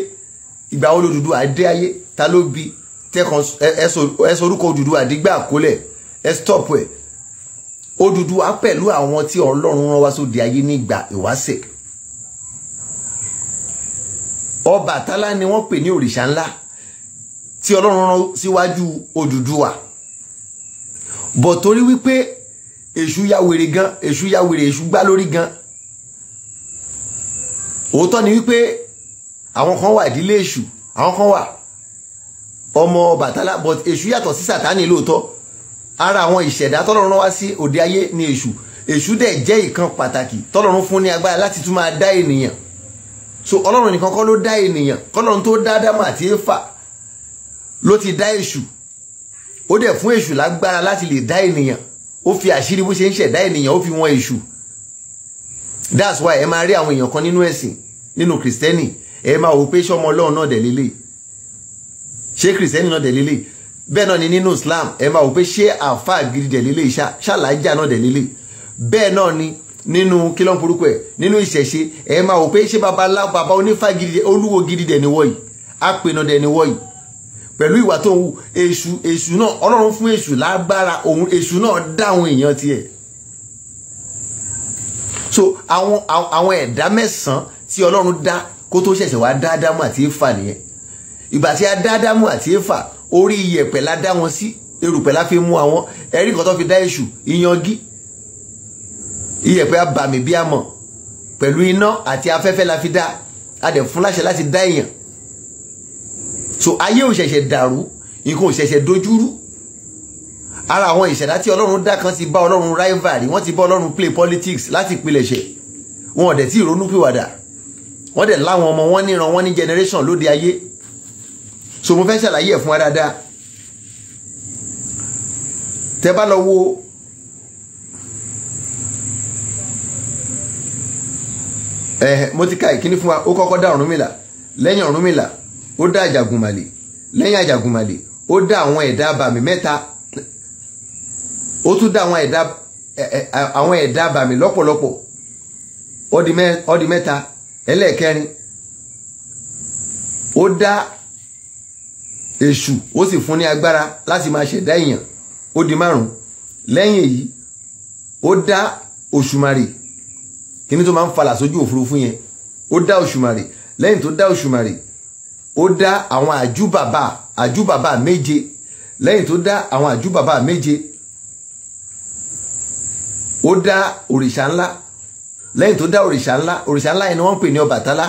ìgbà wo l'Odùduwà dé ayé ta ló bí tẹ́kàn ẹ sorúkọ Odùduwà àdígbà àkólẹ̀ ẹ stop ẹ̀ Odùduwà pẹ̀lú àwọn tí Ọlọ́run rán wá sóde ayé nígbà ìwáṣẹ̀ Ọbàtálá ni wọ́n pè ní òrìṣà ńlá tí Ọlọ́run rán síwájú Odùduwà bọ̀ torí wípé èṣù ya wèrè gan èṣù ya wèrè èṣù gbá lórí gan òótọ́ ni wípé àwọn kan wà ìdílé èṣù àwọn kan wà ọmọ bàtálá but èṣù yàtọ̀ sí sàtánì lóòótọ́ ara àwọn ìṣẹ̀dá tọ́lọ́run wá sí òde ayé ni èṣù èṣù dẹ̀ jẹ́ ìkan pàtàkì tọ́lọ́run fún ní agbára láti tún máa dá ènìyàn so ọlọ́run nìkan kọ́ ló dá ènìyàn kọ́lọ́run tó dá Ádámù àti Éfà ló ti dá èṣù ó dẹ̀ fún èṣù lágbára láti lè dá ènìyàn ó fi àṣírí bó ṣe ń ṣẹ̀dá ènìyàn ó fi wọn èṣù that's why ẹ máa rí àwọn èèyàn kan nínú ẹ̀sìn nínú kìrìsìtẹ́nì ẹ máa wò pé sọmọ ọlọ́run náà dẹ̀ lélẹ̀ ṣé kìrìsìtẹ́nì náà dẹ̀ lélẹ̀ bẹ́ẹ̀ náà ni nínú Islam ẹ máa wò pé ṣé àáfàá gidi dẹ̀ lélẹ̀ ṣàlàjà náà dẹ̀ lélẹ̀ bẹ́ẹ̀ náà ni nínú kílọ̀ burúkú ẹ̀ nínú ìṣẹ̀ṣe ẹ máa wò pé ṣé babalá baba onífà gidi olúwo gidi dẹ̀ ni wọ̀nyí apẹ̀nà dẹ̀ ni wọ̀nyí pẹ̀lú ìwà tó ń wu èṣù èṣù náà ọlọ́run fún èṣù lágbára òun èṣù náà dáhùn èèyàn tiẹ̀ so àwọn àwọn ẹ̀dá mẹ́sàn-án tí ọlọ́run dá kó tó ṣẹ̀ṣẹ̀ wá dá Ádámù àti Éfà nìyẹn ìgbà tí a dá Ádámù àti Éfà orí iyẹ̀pẹ̀ la dá wọn sí erùpẹ̀ la fi mú àwọn ẹ̀rí kan tó fi dá èṣù ìyangí iyẹ̀pẹ̀ abàmì bí amọ̀ pẹ̀lú iná àti afẹ́fẹ́ la fi dá a dẹ̀ fún láṣẹ láti dá èèyàn so ayé ò ṣẹ̀ṣẹ̀ dàrú nǹkan ò ṣẹ̀ṣẹ̀ dojúrú ara àwọn ìṣẹ̀dá tí ọlọ́run dá kan ti bá ọlọ́run rivalry wọ́n ti bá ọlọ́run play politics láti pilẹ̀ṣẹ̀ wọn ò dẹ̀ tí ìrònú pìwàdà wọ́n dẹ̀ láwọn ọmọ wọn níran wọn ní generation lóde ayé so mo fẹ́ ṣàlàyé ẹ̀ fún wa dáadáa tẹ bá lọ wo ẹ mo ti ka ìkíní fún wa ó kọ́kọ́ dá Ọ̀rúnmìlà lẹ́yìn Ọ̀rúnmìlà ó dá Àjàgùnmàlè lẹ́yìn Àjàgùnmàlè ó dá àwọn ẹ̀dá abàmì mẹ́ta ó tún dá àwọn ẹ̀dá àwọn ẹ̀dá abàmì lọ́pọ̀lọpọ̀ ó mẹ́ta ẹlẹ́ẹ̀kẹrin ó dá èṣù ó sì fún ní agbára láti máa ṣẹ̀dá èèyàn ó di márùn lẹ́yìn èyí ó dá òṣùmàrè kíní tó máa ń falà sójú òfurufú yẹn ó dá òṣùmàrè lẹ́yìn tó dá òṣùmàrè ó dá àwọn àjúbàbà àjúbàbà méje lẹ́yìn tó dá àwọn àjúbàbà méje ó dá òrìṣà ńlá lẹ́yìn tó dá òrìṣà ńlá òrìṣà ńlá yẹn ni wọ́n ń pè ní Ọbàtálá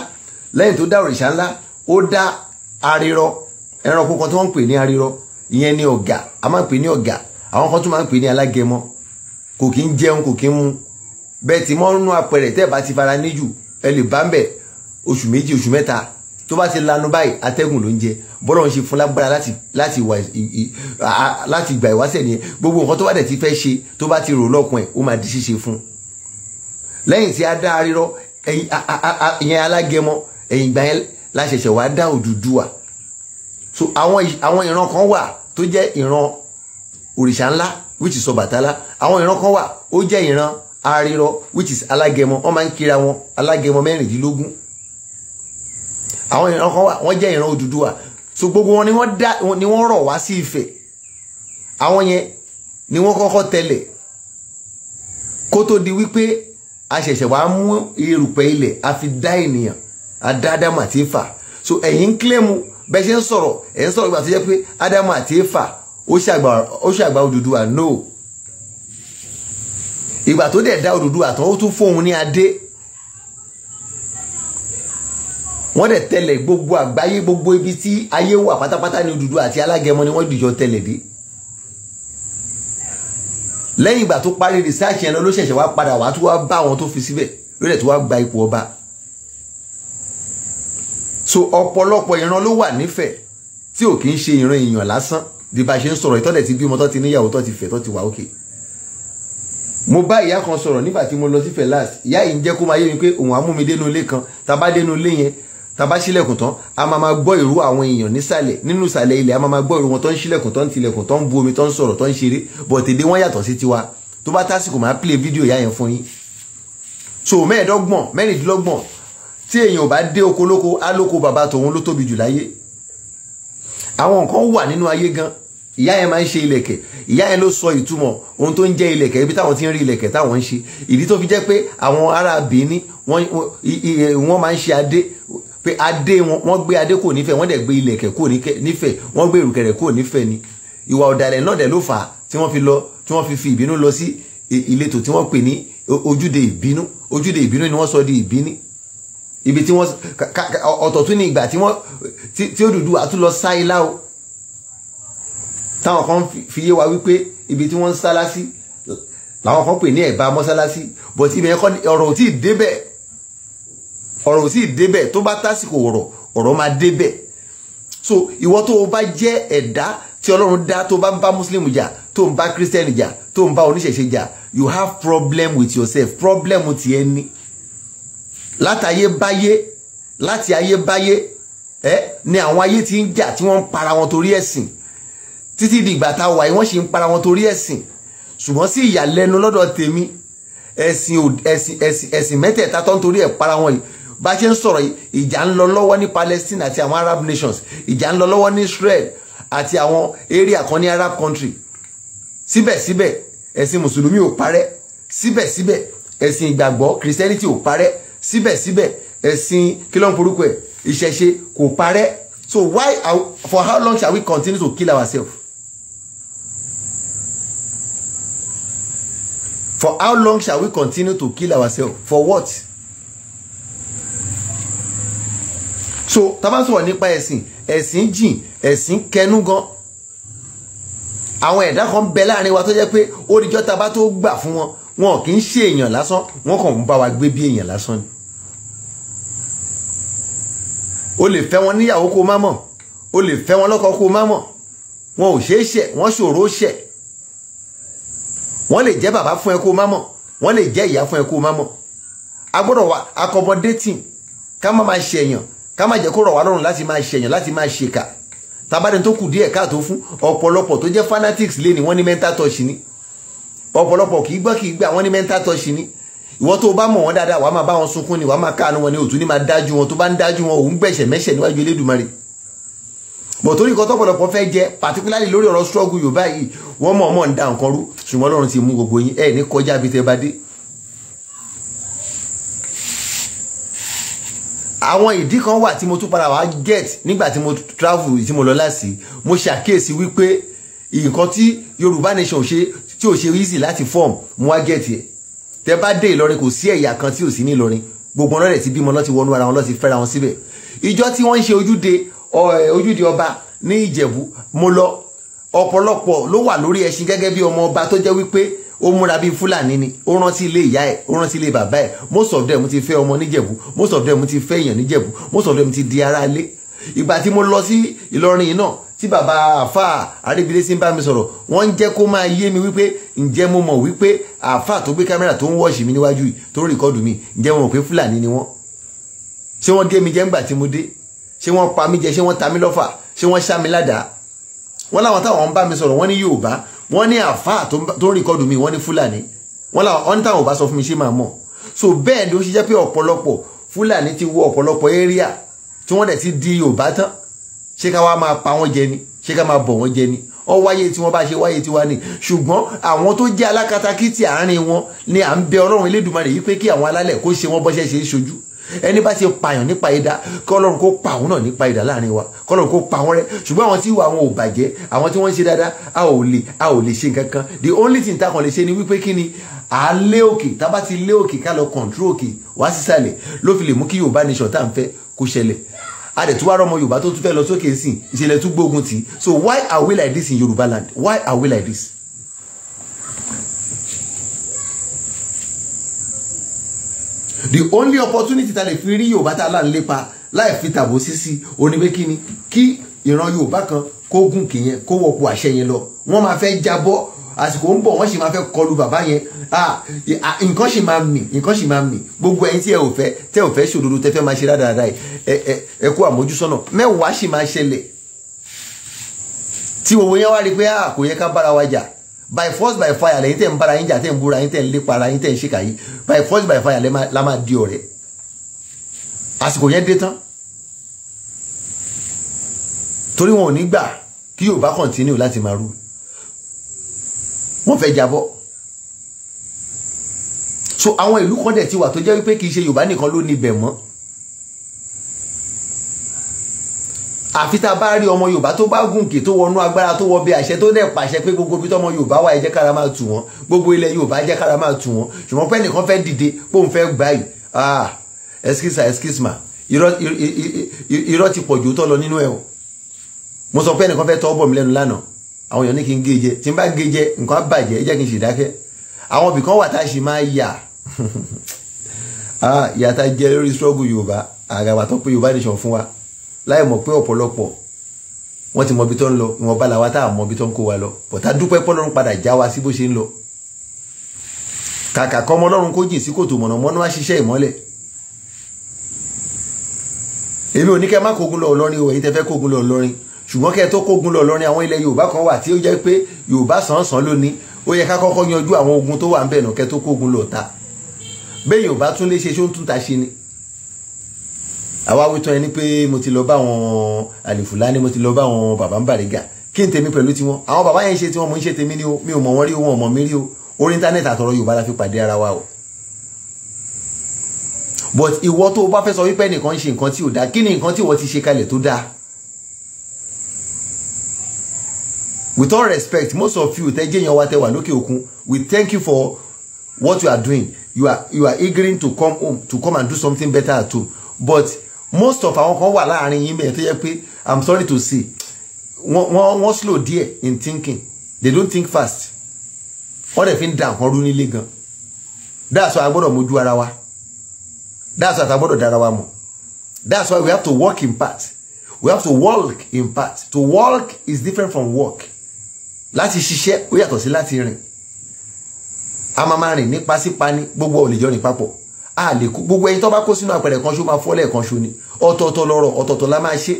lẹ́yìn tó dá òrìṣà ńlá ó dá arirọ ẹranko kan tí wọ́n ń pè ní arirọ ìyẹn ni ọ̀gà a máa ń pè ní ọ̀gà àwọn kan tún máa ń pè ní alágẹmọ kò kí ń jẹun kò kí ń mu bẹ́ẹ̀ tí wọ́n nú apẹ̀rẹ̀ tẹ́ bá ti fara níjù ẹ lè bá ń bẹ̀ oṣù méjì oṣù mẹ́ta tó bá ti lanu báyìí atẹ́gùn ló ń jẹ bọ́lọ̀ ń ṣe fún lágbára láti gbà ìwáṣẹ̀ nìyẹn gbogbo nǹkan tó bá dẹ̀ ti fẹ́ ṣe tó bá ti rò lọ́kùn ẹ̀ ó máa di ṣíṣe fún un lẹ́yìn tí a dá arírọ́ ìyẹn alágẹmọ ẹ̀yìn ìgbà yẹn láṣẹ̀ṣẹ̀ wàá dá Odùduwà so àwọn ìran kan wà tó jẹ́ ìran òrìṣà ńlá which is Ọbàtálá àwọn ìran kan wà ó jẹ́ ìran arírọ́ which is alágẹmọ wọ́n máa ń kira wọn alágẹmọ mẹ́rìndínlógún àwọn ìran kan wà wọ́n jẹ́ ìran Odùduwà so gbogbo wọn ni wọ́n rọ̀ wá sí Ifẹ̀ àwọn yẹn ni wọ́n kọ́kọ́ tẹ̀lé kó tó di wípé a ṣẹ̀ṣẹ̀ wàá mú erùpẹ̀ ilẹ̀ a fi so ẹ̀yin ń kílẹ̀mù bẹ́ẹ̀ ṣe ń sọ̀rọ̀ ẹ̀ ń sọ̀rọ̀ ìgbà tó jẹ́ pé ádámù àti éfà no ìgbà tó dẹ̀ dá Odùduwà tán ó tún fóun ní adé wọ́n dẹ̀ tẹ̀lẹ̀ gbogbo àgbáyé gbogbo ibi tí ayé wà pátápátá ní Odùduwà àti alágẹmọ ni wọ́n dìjọ tẹ̀lẹ̀ dé lẹ́yìn ìgbà tó parí research yẹn lọ ló ṣẹ̀ṣẹ̀ wá padà wá tó wá bá àwọn tó fi síbẹ̀ lórí ẹ̀ tó wá gba ipò ọba so ọ̀pọ̀lọpọ̀ ìran ló wà nífẹ̀ẹ́ tí ò kì í ṣe ìran èèyàn lásán bí bá ṣe ń sọ̀rọ̀ ìtọ́lẹ̀ tí bímọ tó ti níyàwó tó ti fẹ́ tó ti wà òkè mo bá ìyá kan sọ̀rọ̀ nígbà tí mo lọ sífẹ̀ last ìyá yìí ń jẹ́ kó máa yé mi pé òun á mú mi dénú ilé kan tá a bá dénú ilé yẹn tàbá ṣílẹ̀kùn tán a máa ma gbọ́ ìró àwọn èèyàn nísàlẹ̀ nínú ìsàlẹ̀ ilẹ̀ a máa ma gbọ́ ìró wọn tó ń ṣílẹ̀kùn tó ń tilẹ̀kùn tó ń bu omi tó ń sọ̀rọ̀ tó ń ṣeré bọ̀ tèdè wọn yàtọ̀ sí tiwa tó bá tásìkò máa play fídíò yá yẹn fún yín. so mẹ́ẹ̀ẹ́dọ́gbọ̀n mẹ́rìndínlọ́gbọ̀n tí èèyàn ò bá dé oko lóko alóko bàbá tòun ló tóbi jù láyé àwọn nǹkan wà nínú ayé gan ìyá yẹn máa ń ṣe ilẹ̀kẹ̀ ìyá yẹn ló sọ ìtumọ̀ ohun tó ń jẹ́ ilẹ̀kẹ̀ ibi táwọn ti ń rí ilẹ̀kẹ̀ táwọn ń ṣe ìdí tó fi jẹ́ pé àwọn ará Benin wọ́n máa ń ṣe adé pé adé wọn wọ́n gbé adé kò nífẹ̀ẹ́ wọ́n dẹ̀ gbé ilẹ̀kẹ̀ kò nífẹ̀ẹ́ wọ́n gbé ìrùkẹ̀rẹ̀ kò nífẹ̀ẹ́ ni ìwà ọ̀dàlẹ̀ náà dẹ̀ ló fà á tí wọ́n fi lọ tí wọ́n fi fi ìbínú lọ sí ìletò tí wọ́n pè ní ojúde ìbínú ojúde ìbínú ni wọ́n sọ di ìbíní ibi tí wọ́n ọ̀tọ̀ tún ní ìgbà tí wọ́n tí ó dùdú àtún lọ sá ilá o táwọn kan fi yé wa wípé ibi tí wọ́n ń sálá sí làwọn kan pè ní ẹ̀bá mọ́sálásí but ibẹ̀ ọ̀rọ̀ ò tí ì ọ̀rọ̀ ò tí ì débẹ̀ tó bá tásìkò ọ̀rọ̀ ọ̀rọ̀ máa débẹ̀ so ìwọ tó o bá jẹ́ ẹ̀dá tí ọlọ́run dá tó bá ń bá muslim jà tó ń bá christian jà tó ń bá oníṣẹ̀ṣe jà you have problem with yourself problem ti ẹ ní látayébáyé láti ayébáyé ẹ ni àwọn ayé ti ń jà tí wọ́n ń para wọn torí ẹ̀sìn títí dìgbà tá a wà yìí wọ́n sì ń para wọn torí ẹ̀sìn ṣùgbọ́n sí ìyàlẹ́nu lọ́dọ̀ tèmi ẹ̀sìn ẹ̀sìn ẹ̀sìn mẹ́tẹ̀ẹ̀ta tó ń torí ẹ̀ para wọn yìí bá a ṣe ń sọ̀rọ̀ ìjà ń lọ lọ́wọ́ ní Palestine àti àwọn Arab nations ìjà ń lọ lọ́wọ́ ní Israel àti àwọn area kan ní Arab country síbẹ̀síbẹ̀ ẹ̀sìn mùsùlùmí ò parẹ́ síbẹ̀síbẹ̀ ẹ̀sìn ìgbàgbọ́ Christianity ò parẹ́ síbẹ̀síbẹ̀ ẹ̀sìn kílọ̀n porúkọ ẹ̀ ìṣẹ̀ṣe kò parẹ́ so why are, for how long shall we continue to kill ourselves for how long shall we continue to kill ourselves for what. so tábà sọ̀rọ̀ nípa ẹ̀sìn ẹ̀sìn jìn ẹ̀sìn kẹnu gan àwọn ẹ̀dá kan bẹ láàrin wa tó jẹ́ pé oríjọ́ ta bá tó gbà fún wọn wọn kì í ṣe èèyàn lásán wọn kàn ń bá wa gbé bí èèyàn lásán ni o lè fẹ́ wọn níyàwó kó má mọ̀ o lè fẹ́ wọn lọ́kọ kó má mọ̀ wọn ò ṣeé ṣẹ̀ wọ́n ṣòro ṣẹ̀ wọ́n lè jẹ́ bàbá fún ẹ kó má mọ̀ wọ́n lè jẹ́ ìyá fún ẹ kó má mọ̀ a gbọ́dọ̀ wà accommodate ká má máa ṣe èèyàn ká má jẹ́ kó rọ̀ wá lọ́rùn láti máa ṣèyàn láti máa ṣèkà tabarin tó kù díẹ̀ káàtó fún ọ̀pọ̀lọpọ̀ tó jẹ́ fanatics lé ní wọ́n ní mental touch ni ọ̀pọ̀lọpọ̀ kì í gbọ́ kì í gbà wọ́n ní mental touch ni ìwọ tó bá mọ̀ wọ́n dáadáa wàá máa bá wọn sunkún ni wàá máa káàánú wọn ni òtún ní máa dájú wọn tó bá ń dájú wọn òun gbẹ̀ṣẹ̀ mẹ́ṣẹ̀ níwájú Elédùmarè bọ̀ torí nǹkan tọ́pọ̀lọpọ̀ fẹ́ jẹ particularly lórí ọ̀rọ̀ struggle Yorùbá yìí wọ́n mọ̀ ọmọ ń da nǹkan rú ṣùgbọ́n Ọlọ́run ti mú gbogbo yín ẹ̀ ní kọjá bí tẹ bá dé àwọn ìdí kan wà tí mo tún padà wá get nígbà tí mo travel tí mo lọ láti mo ṣàkíyèsí wípé nǹkan tí Yorùbá nation ṣe tí ò ṣe easy láti form mo wá get ẹ̀ tẹ bá dé Ìlọrin kò sí ẹ̀yà kan tí ò sí ní Ìlọrin gbogbo ọ̀nà rẹ̀ ti bímọ lọ́ti wọnú ara wọn lọ́ti fẹ́ra wọn síbẹ̀ ìjọ tí wọ́n ń ṣe ojúde ojúde ọba ní Ìjẹ̀bú mo lọ ọ̀pọ̀lọpọ̀ ló wà lórí ẹṣin gẹ́gẹ́ bí ọmọ ọba tó jẹ́ wípé ó múra bíi fúlàní ni ó rántí ilé ìyá ẹ̀ ó rántí ilé bàbá ẹ̀ most of them ti fẹ́ ọmọ níjẹ̀bú most of them ti fẹ́ èèyàn níjẹ̀bú most of them ti di ara lé ìgbà tí mo lọ sí ìlọrin yìí náà tí bàbá àáfà àríbílẹ̀ sí ń bá mi sọ̀rọ̀ wọ́n ń jẹ́ kó máa yé mi wípé ǹjẹ́ mo mọ̀ wípé àáfà tó gbé kámẹ́rà tó ń wọ́ọ̀ṣì mi níwájú yìí tó ń rìkọ́dù mi ǹjẹ́ mo mọ̀ pé fúlàní ni wọ́n ṣé wọ́n gé mi jẹ ńgbà tí mo dé ṣé wọ́n pa mí jẹ ṣé wọ́n ta mí lọ́fà ṣé wọ́n ṣá mi ládàá wọ́n láwọn táwọn ń bá mi sọ̀rọ̀ wọ́n ní yorùbá wọ́n ní àfáà tó ń rìkọ́dù mi wọ́n ní fúlàní wọ́n làwọn wọ́n ní táwọn ò bá sọ fún mi ṣé màá mọ̀ so bẹ́ẹ̀ ni ó ṣe jẹ́ pé ọ̀pọ̀lọpọ̀ fúlàní ti wọ ọ̀pọ̀lọpọ̀ area tí wọ́n dẹ̀ ti di yorùbá tán ṣé ká wá máa pa wọ́n jẹ ni ṣé ká máa bọ̀ wọ́n jẹ ni ọ wáyé tí wọ́n bá ṣe wáyé tiwa ni ṣùgbọ́n àwọn tó jẹ́ alákatakítí àárín wọn ni à ń bẹ ọlọ́run elédùnmarè yìí pé kí àwọn alálẹ̀ kó ṣe wọ́n bọ́ṣẹ́ ṣe é ṣojú ẹni bá ti pààyàn nípa idà kọlọ́run kó pa àwọn náà nípa idà láàrin wa kọlọ́run kó pa wọn rẹ ṣùgbọ́n àwọn tí ìwà àwọn ò bàjẹ́ àwọn tí wọ́n ń ṣe dáadáa a ò lè a ò lè ṣe nǹkan kan the only thing tá a kàn lè ṣe ni wípé kí ni à á lé òkè tá a bá ti lé òkè ká lọ control òkè wá sísàlẹ̀ ló fi lè mú kí Yorùbá nation tá à ń fẹ́ kó ṣẹlẹ̀ a dẹ̀ tún wá rọmọ Yorùbá tó tún fẹ́ lọ sókè ń ìṣẹ̀lẹ̀ tún gbógun tì so why are we like this in Yorùbá land why are we like this the only opportunity ta lè fi rí yorùbá tá a là ń lépa láì fi tàbó sísí oníbẹ́kíni kí ìran yorùbá kan kó gùn kì yẹn kó wọ̀pọ̀ àṣẹ yẹn lọ wọ́n máa fẹ́ jábọ́ àsìkò ń bọ̀ wọ́n sì máa fẹ́ kọlu bàbá yẹn nǹkan sì máa mì nǹkan sì máa mì gbogbo ẹ̀yin tí ẹ ò fẹ́ tẹ ò fẹ́ ṣòdodo tẹ fẹ́ máa ṣe rádaràda yìí ẹ kú àmójúsọ́nà mẹ́wàá sì máa ṣẹlẹ̀ tí gbogbo yẹn wá rí pé kò yẹ ká bára wa jà by force by fire lẹ́yìn tẹ̀ ń bára yín jà tẹ̀ ń búra yín tẹ̀ ń lépa yín tẹ̀ ń ṣèkà yín by force by fire la máa di ọ̀rẹ́ àsìkò yẹn dé tán torí wọn ò ní gbà kí Yorùbá continue láti máa rú wọ́n fẹ́ jábọ́ so àwọn ìlú kan dẹ̀ ti wà tó jẹ́ wípé kì í ṣe Yorùbá nìkan ló ní ibẹ̀ mọ́ àfi tá a bá rí ọmọ yorùbá tó bá gùnkè tó wọnú agbára tó wọ bí àṣẹ tó dẹ̀ pàṣẹ pé gbogbo ibi tọmọ yorùbá wà ẹ jẹ́ kára máa tù wọ́n gbogbo ilẹ̀ yorùbá jẹ́ kára máa tù wọ́n ṣùgbọ́n pé ẹnìkan fẹ́ dìde pé òun fẹ́ gbà yìí ah excuse ma excuse ma irọ́ ti pọ̀ jù tọ́ lọ nínú ẹ̀ o mo sọ pé ẹnìkan fẹ́ tọ́ bọ̀ mí lẹ́nu lánàá àwọn èèyàn ní kí n gé jẹ tí n bá gé jẹ nǹkan á bàjẹ́ ẹ jẹ́ kí n sì àwọn ibì wà tá a sì máa yà *laughs* ah ìyá ta jẹ lórí struggle yorùbá àgàbà tó pé yorùbá nation fún wa láì mọ̀ pé ọ̀pọ̀lọpọ̀ wọ́n ti mọ ibi tó ń lọ ìwọ̀n bá làwa tá a mọ ibi tó ń kó wa lọ bọ̀tá dúpẹ́ pọ́ padà já wa sí bó ṣe ń lọ kàkà kọ́mọ lọ́run kó jìn sí kòtò mọ̀nàmọ́ná wá ṣiṣẹ́ ìmọ́lẹ̀ èmi ò ní kẹ́ má kógun lọ Ọlọ́rin o èyí tẹ́ fẹ́ kógun lọ Ọlọ́rin ṣùgbọ́n kẹ́ tó kógun lọ Ọlọ́rin àwọn ilẹ̀ Yorùbá kan wà tí ó jẹ́ pé Yorùbá sàn-án-sàn lónìí ó yẹ ká kọ́kọ́ yanjú àwọn ogun tó wà ń bẹ̀ nù kẹ́ tó kógun lọ ta bẹ́ẹ̀ Yorùbá tún lè ṣe ṣó ń tún ta ṣe ni àwa wí tán ẹni pé mo ti lọ bá àwọn àlìfùlání mo ti lọ bá àwọn bàbá ń bàrígà kí n tèmi pẹ̀lú tiwọn àwọn bàbá yẹn ṣe tiwọn mo ń ṣe tèmi ni o mi ò mọ̀ wọ́n rí o wọn ò mọ̀ mí rí o orí íńtánẹ́ẹ̀tì àtọ̀rọ̀ Yorùbá la fi pàdé ara wa o. but ìwọ tó o bá fẹ́ sọ wípé nìkan ń ṣe nǹkan tí ò dáa kí ni nǹkan tí ìwọ ti ṣe kalẹ̀ tó dáa. with all respect most of you tẹ́ jẹ́yàn wa tẹ́ wà lókè òkun we thank you for what you are doing you are you are eager to come home to come and do something better at home but most of àwọn kan wà láàrin yín bẹ́ẹ̀ tó yẹ pé i'm sorry to say wọ́n wọ́n slow díẹ̀ in thinking they don't think fast wọ́n dẹ̀ fi ń da nǹkan rú nílé gan that's why a gbọ́dọ̀ mójú ara wa that's why a gbọ́dọ̀ dára wa mọ̀ that's why we have to work in part we have to walk in part to walk is different from work láti ṣiṣẹ́ ó yàtọ̀ sí láti rìn a máa ma rìn nípa sípa ní gbogbo ò lè papọ̀ a lè kó gbogbo ẹyin tó bá kó sínú àpẹẹrẹ kan ṣó máa fọ́ lẹ́ẹ̀kan ṣó ni ọ̀tọ̀ọ̀tọ̀ lọ́rọ̀ ọ̀tọ̀ọ̀tọ̀ la máa ṣe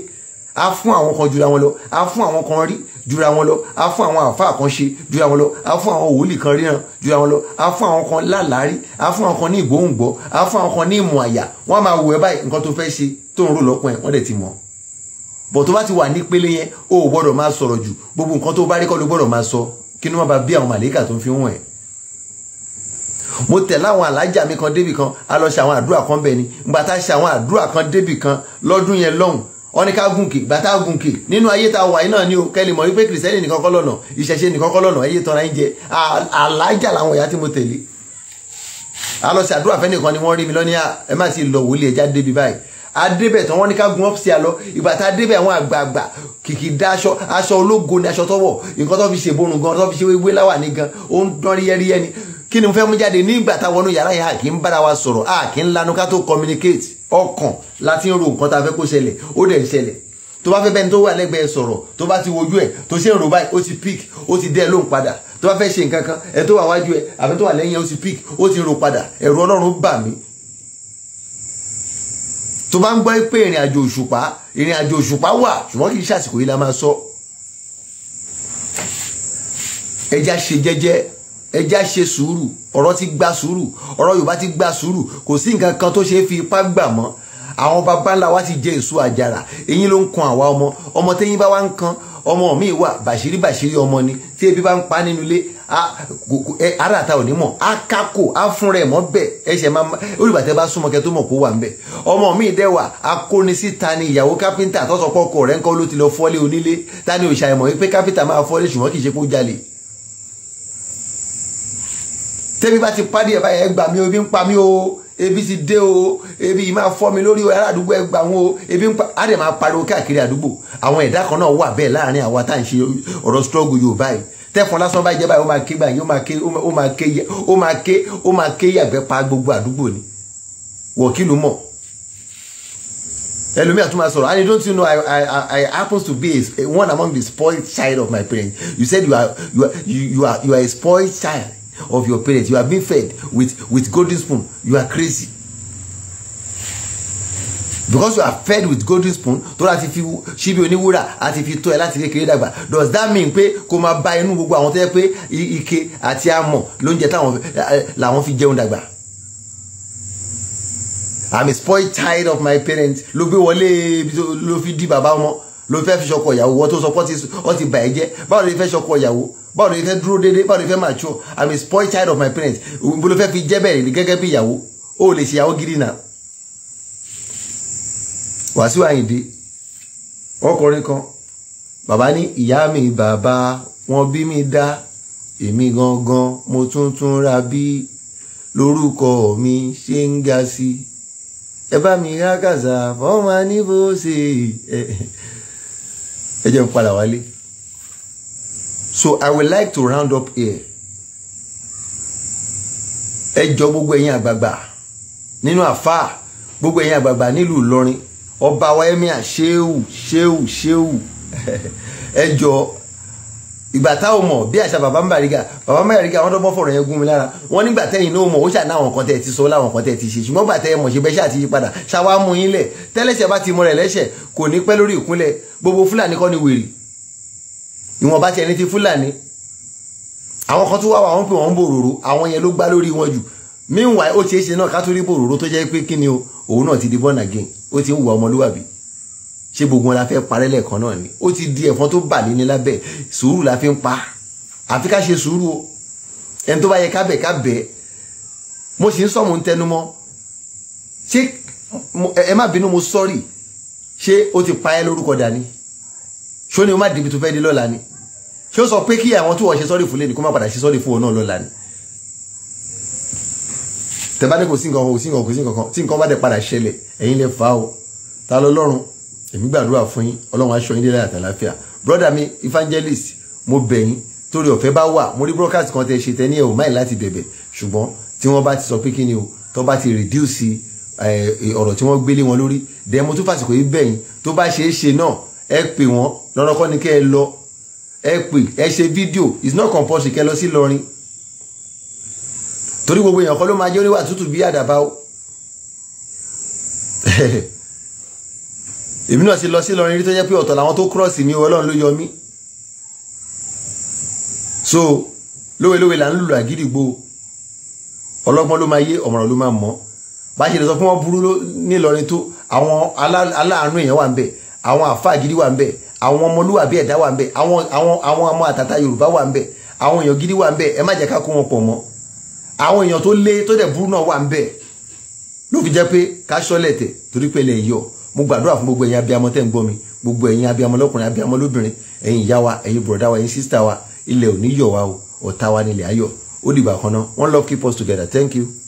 a fún àwọn kan jura wọn lọ a fún àwọn kan rí jura wọn lọ a fún àwọn àfáà kan ṣe jura wọn lọ a fún àwọn wòlíì kan ríran jura wọn lọ a fún àwọn kan lálàárí a fún àwọn kan ní ìgbóhùngbọ́ a fún àwọn kan ní ìmọ̀ àyà wọ́n máa wù ẹ́ báyìí nǹkan tó fẹ́ ṣe tó ń rò lọ́kùn ẹ̀ wọ́n dẹ̀ ti mọ̀ bọ̀ tó bá ti wà nípele yẹn o ò gbọ́dọ̀ máa sọ̀rọ̀ jù gbogbo nǹkan tó bá rí kọ́ ló gbọ́dọ̀ máa sọ kí ni wọ́n bá bí àwọn màlẹ́kà tó ń fi hàn ẹ́ mo tẹ̀lé àwọn alájà mi kan débì kan a lọ ṣe àwọn àdúrà kan bẹ́ẹ̀ ni ìgbà tá a ṣe àwọn àdúrà kan débì kan lọ́dún yẹn lọ́hùn wọ́n ni ká gùnkè ìgbà tá a gùnkè nínú ayé tá a wà yìí náà ni o kẹ́lì mọ̀ wípé kìrìsìtẹ́nì nìkan kọ́ lọ́nà ìṣẹ̀ṣe nìkan kọ́ lọ́nà ayé tọ́ra ń jẹ alájà làwọn ìyá tí mo tẹ̀lé a lọ ṣe àdúrà fẹ́ nìkan ni wọ́n rí mi lọ́ní ẹ má sì lọ wòlé ẹja débi báyìí adébẹ̀ tán wọ́n ní ká gun ọ́fíìsì àlọ́ ìgbà tá adébẹ̀ àwọn àgbààgbà kìkì dá aṣọ aṣọ ológo ni aṣọ tọ́wọ̀ nǹkan tó fi ṣèborùn gan tó fi ṣe wéwé láwà ní gan ó ń dán rí yẹ́rí yẹ́ni kí ni mo fẹ́ mú jáde nígbà táwọn ọ̀nà yàrá yà kí n bára wa sọ̀rọ̀ a kì í lanu ká tó communicate ọkàn láti ń ro nǹkan tá a fẹ́ kó ṣẹlẹ̀ ó dẹ̀ ń ṣẹlẹ̀ tó bá fẹ́ bẹ́ni tó wà lẹ́gbẹ̀ẹ́ sọ̀rọ̀ tó bá ti wojú ẹ̀ tó ṣe ń ro báyìí ó ti pick ó ti dẹ́ lóhùn padà tó bá fẹ́ ṣe nǹkan kan ẹ̀ tó wà wájú ẹ̀ àbí tó wà lẹ́yìn ẹ̀ ó ti pick ó ti ro padà ẹ̀rù ọlọ́run bà mí tó bá ń gbọ́ pé ìrìn àjò òṣùpá ìrìn àjò òṣùpá wà ṣùgbọ́n kì í ṣàsìkò yìí la máa sọ ẹja ṣe jẹ́jẹ́ ẹja ṣe sùúrù ọ̀rọ̀ ti gba sùúrù ọ̀rọ̀ Yorùbá ti gba sùúrù kò sí nǹkan kan tó ṣe é fi ipá gbà mọ́ àwọn baba ńlá wa ti jẹ èso àjàrà eyín ló ń kan àwa ọmọ ọmọ tẹ́yìn bá wa ń kan ọmọ mi wà bàṣírí bàṣírí ọmọ ni tí ebi bá ń pa nínú ilé ara àta òní mọ̀ á kákò á fún rẹ̀ mọ́ bẹ́ẹ̀ ẹsẹ̀ máa ma olùbàtẹ́ bá súnmọ́ kẹ́ tó mọ̀ kó wà ń bẹ̀ ọmọ mi dẹ́wà akóni ni ìyàwó kápẹ́ńtà tọ́sọ̀pọ̀ ọkọ rẹ̀ ńkọ́ ló ti lọ fọ́lé onílé ta ni wípé kápẹ́ńtà máa fọ́lé ṣùgbọ́n kì í ṣe kó jalè tẹ́bí bá ti pàdé ẹ̀ báyìí ẹ gbà mí o ebi ń pa mí o ebi ti dé o ebi yìí máa fọ́ mi lórí o ará àdúgbò ẹ gbà wọn o ebi ń pa á dẹ̀ máa pariwo káàkiri àdúgbò àwọn ẹ̀dá kan náà wà bẹ́ẹ̀ láàrin àwa tá à ń ṣe ọ̀rọ̀ struggle Yorùbá yìí tẹ́fọn lásán bá jẹ́ báyìí ó máa ké báyìí ó máa ké ó máa ké ó máa ké ó máa ké yàgbẹ́ pa gbogbo àdúgbò ni wọ̀kìlù mọ̀ ẹlòmíà tún máa sọ̀rọ̀ and you don't you know I I I happen to be a, one among the spoiled child of my parents you said you are you are you, you are you are a spoiled child of your parents you are being fed with with golden spoon you are crazy because you are fed with golden spoon tó láti fi ṣíbi oníwúrà àti fi tọ́ ẹ láti kékeré dàgbà does that mean pé kó máa bá inú gbogbo àwọn tó yẹ pé ike àti amọ̀ lóúnjẹ táwọn eh, làwọn fi jẹun dàgbà i'm a spoiled child of my parents ló gbé wọlé ló fi di bàbá ọmọ ló fẹ́ fi ṣọkọ ìyàwó wọ́n tó sọ pé ti bà ẹ́ jẹ́ báwo ló fẹ́ ṣọkọ ìyàwó báwo ni fẹ́ dúró déédéé báwo ni fẹ́ mature i'm a spoiled child of my parents ìbúlò fẹ́ fi jẹ́ bẹ́ẹ̀ gẹ́gẹ́ bí ìyàwó o lè ṣe ìyàwó gidi náà Wàsíù Àyìndé ọkùnrin kan bàbá ní ìyá mi bàbá wọn bí mi dá èmi gangan mo tún tún ra bí lórúkọ mi ṣe ń ga sí ẹ bá mi rá kàṣà fọ́ọ̀mù aníbòsè *laughs* ẹ jẹun padà wálé so i would like to round up here ẹ jọ gbogbo ẹ̀yin àgbààgbà nínú àfáà gbogbo ẹ̀yin àgbààgbà nílùú Ìlọrin ọba wa emir Shehu Shehu Shehu *laughs* ẹ jọ ìgbà táwọn mọ̀ bí àṣà bàbá Bariga bàbá Bariga wọn dọ́gbọ́n fọ̀rọ̀ yẹn gún mi lára wọn nígbà tẹ́yìn náà mọ̀ ó ṣà náà àwọn kan ti sọ láwọn kan tẹ́ ti ṣe ṣùgbọ́n bàtẹ́ ẹ mọ̀ ṣe bẹ́ẹ̀ ṣáà ti yí yín lẹ̀ tẹ́lẹ̀ṣẹ̀ bá ti mọ̀ rẹ̀ lẹ́ṣẹ̀ kò ní pẹ́ lórí ìkúnlẹ̀ gbogbo Fúlàní kọ́ ni wèrè ìwọ̀n bá ti ẹni ti fúlàní àwọn kan tó wá wọn pè wọ́n bòròrò àwọn yẹn ló gbá lórí wọn jù meanwhile ó ṣeé ṣe náà ká tó rí bòròrò tó jẹ́ pé kí ni o òun náà ti di born again ó ti ń wùwà ọmọlúwàbí ṣé gbogbo wọn la fẹ́ parẹ́ lẹ́ẹ̀kan náà ni ó ti di ẹ̀fọn tó bà níní lábẹ́ sùúrù la fi ń pa àfi ká ṣe sùúrù o ẹni tó bá yẹ ká bẹ̀ ká bẹ̀ mo sì ń sọ mo ń tẹnumọ́ ṣé ẹ má bínú mo sọ́rí ṣé ó ti pa ẹ́ lórúkọ dání ṣó ni o má débi tó fẹ́ dé lọ́la ni ṣé ó sọ pé kí àwọn tó wọ́n ṣe sọ́rí fún lè ní kó má padà ṣe sọ́rí fún òun náà lọ́la ni tẹ̀bá ní kò sí nǹkan kò sí nǹkan kò sí nǹkan kan tí nǹkan bá dẹ̀ padà ṣẹlẹ̀ ẹ̀yin lè fà á o ta lọ lọ́run èmi gbàdúrà fún yín ọlọ́run aṣọ yín délé àtàláfíà brọ́dà mi evangelist mo bẹ̀ yín torí ọ̀fẹ́ bá wà mo rí broadcast kan tẹ ṣe tẹ ní ẹ̀ ò máì láti bẹ̀bẹ̀ ṣùgbọ́n tí wọ́n bá ti sọ pé kí ni o tó bá ti reduce eh, ọ̀rọ̀ tí wọ́n gbélé wọn lórí dẹ̀ mo tún fàsìkò yìí bẹ̀ tó bá ṣeé ṣe náà ẹ pè wọ́n lọ́rọ́ kọ́ ni kẹ́ ẹ lọ ẹ pè ẹ ṣe fídíò it's not compulsory kẹ́ ẹ lọ sí lọrin torí gbogbo èèyàn kọ́ ló máa jẹ́ oníwà tútù bí àdàbà o *laughs* èmi náà ti lọ sí lọrin rí tó jẹ́ pé ọ̀tọ̀ làwọn tó cross mi ọlọ́run ló yọ mí so lówelówe là ń lùlù àgídìgbò ọlọ́gbọ́n ló máa yé ọ̀mọ̀ràn ló máa mọ̀ bá ṣe lè sọ fún wọn burú nílọrin tó àwọn aláàánú èèyàn wà ń bẹ̀ àwọn àfáà gidi wà ń bẹ àwọn ọmọlúwàbí ẹ̀dá wà ń bẹ àwọn àwọn àwọn ọmọ àtàtà Yorùbá wà ń bẹ àwọn èèyàn gidi wà ń bẹ ẹ má jẹ́ ká kó wọn pọ̀ mọ́ àwọn èèyàn tó lé tó dẹ̀ burú náà wà ń bẹ ló fi jẹ́ pé ká ṣọ́lẹ̀ tẹ̀ torí pé lè yọ mo gbàdúrà fún gbogbo ẹ̀yin abiyamọ tẹ́ ń gbọ́ mi gbogbo ẹ̀yin abiyamọ lọ́kùnrin abiyamọ lóbìnrin ẹ̀yin ìyá wa ẹ̀yin bùrọ̀dá wa ẹ̀yin sísítà wa ilẹ̀ ò yọ̀ wa o ọ̀tá wa nílẹ̀ ayọ̀ ó dìgbà kan náà one love keep us together thank you.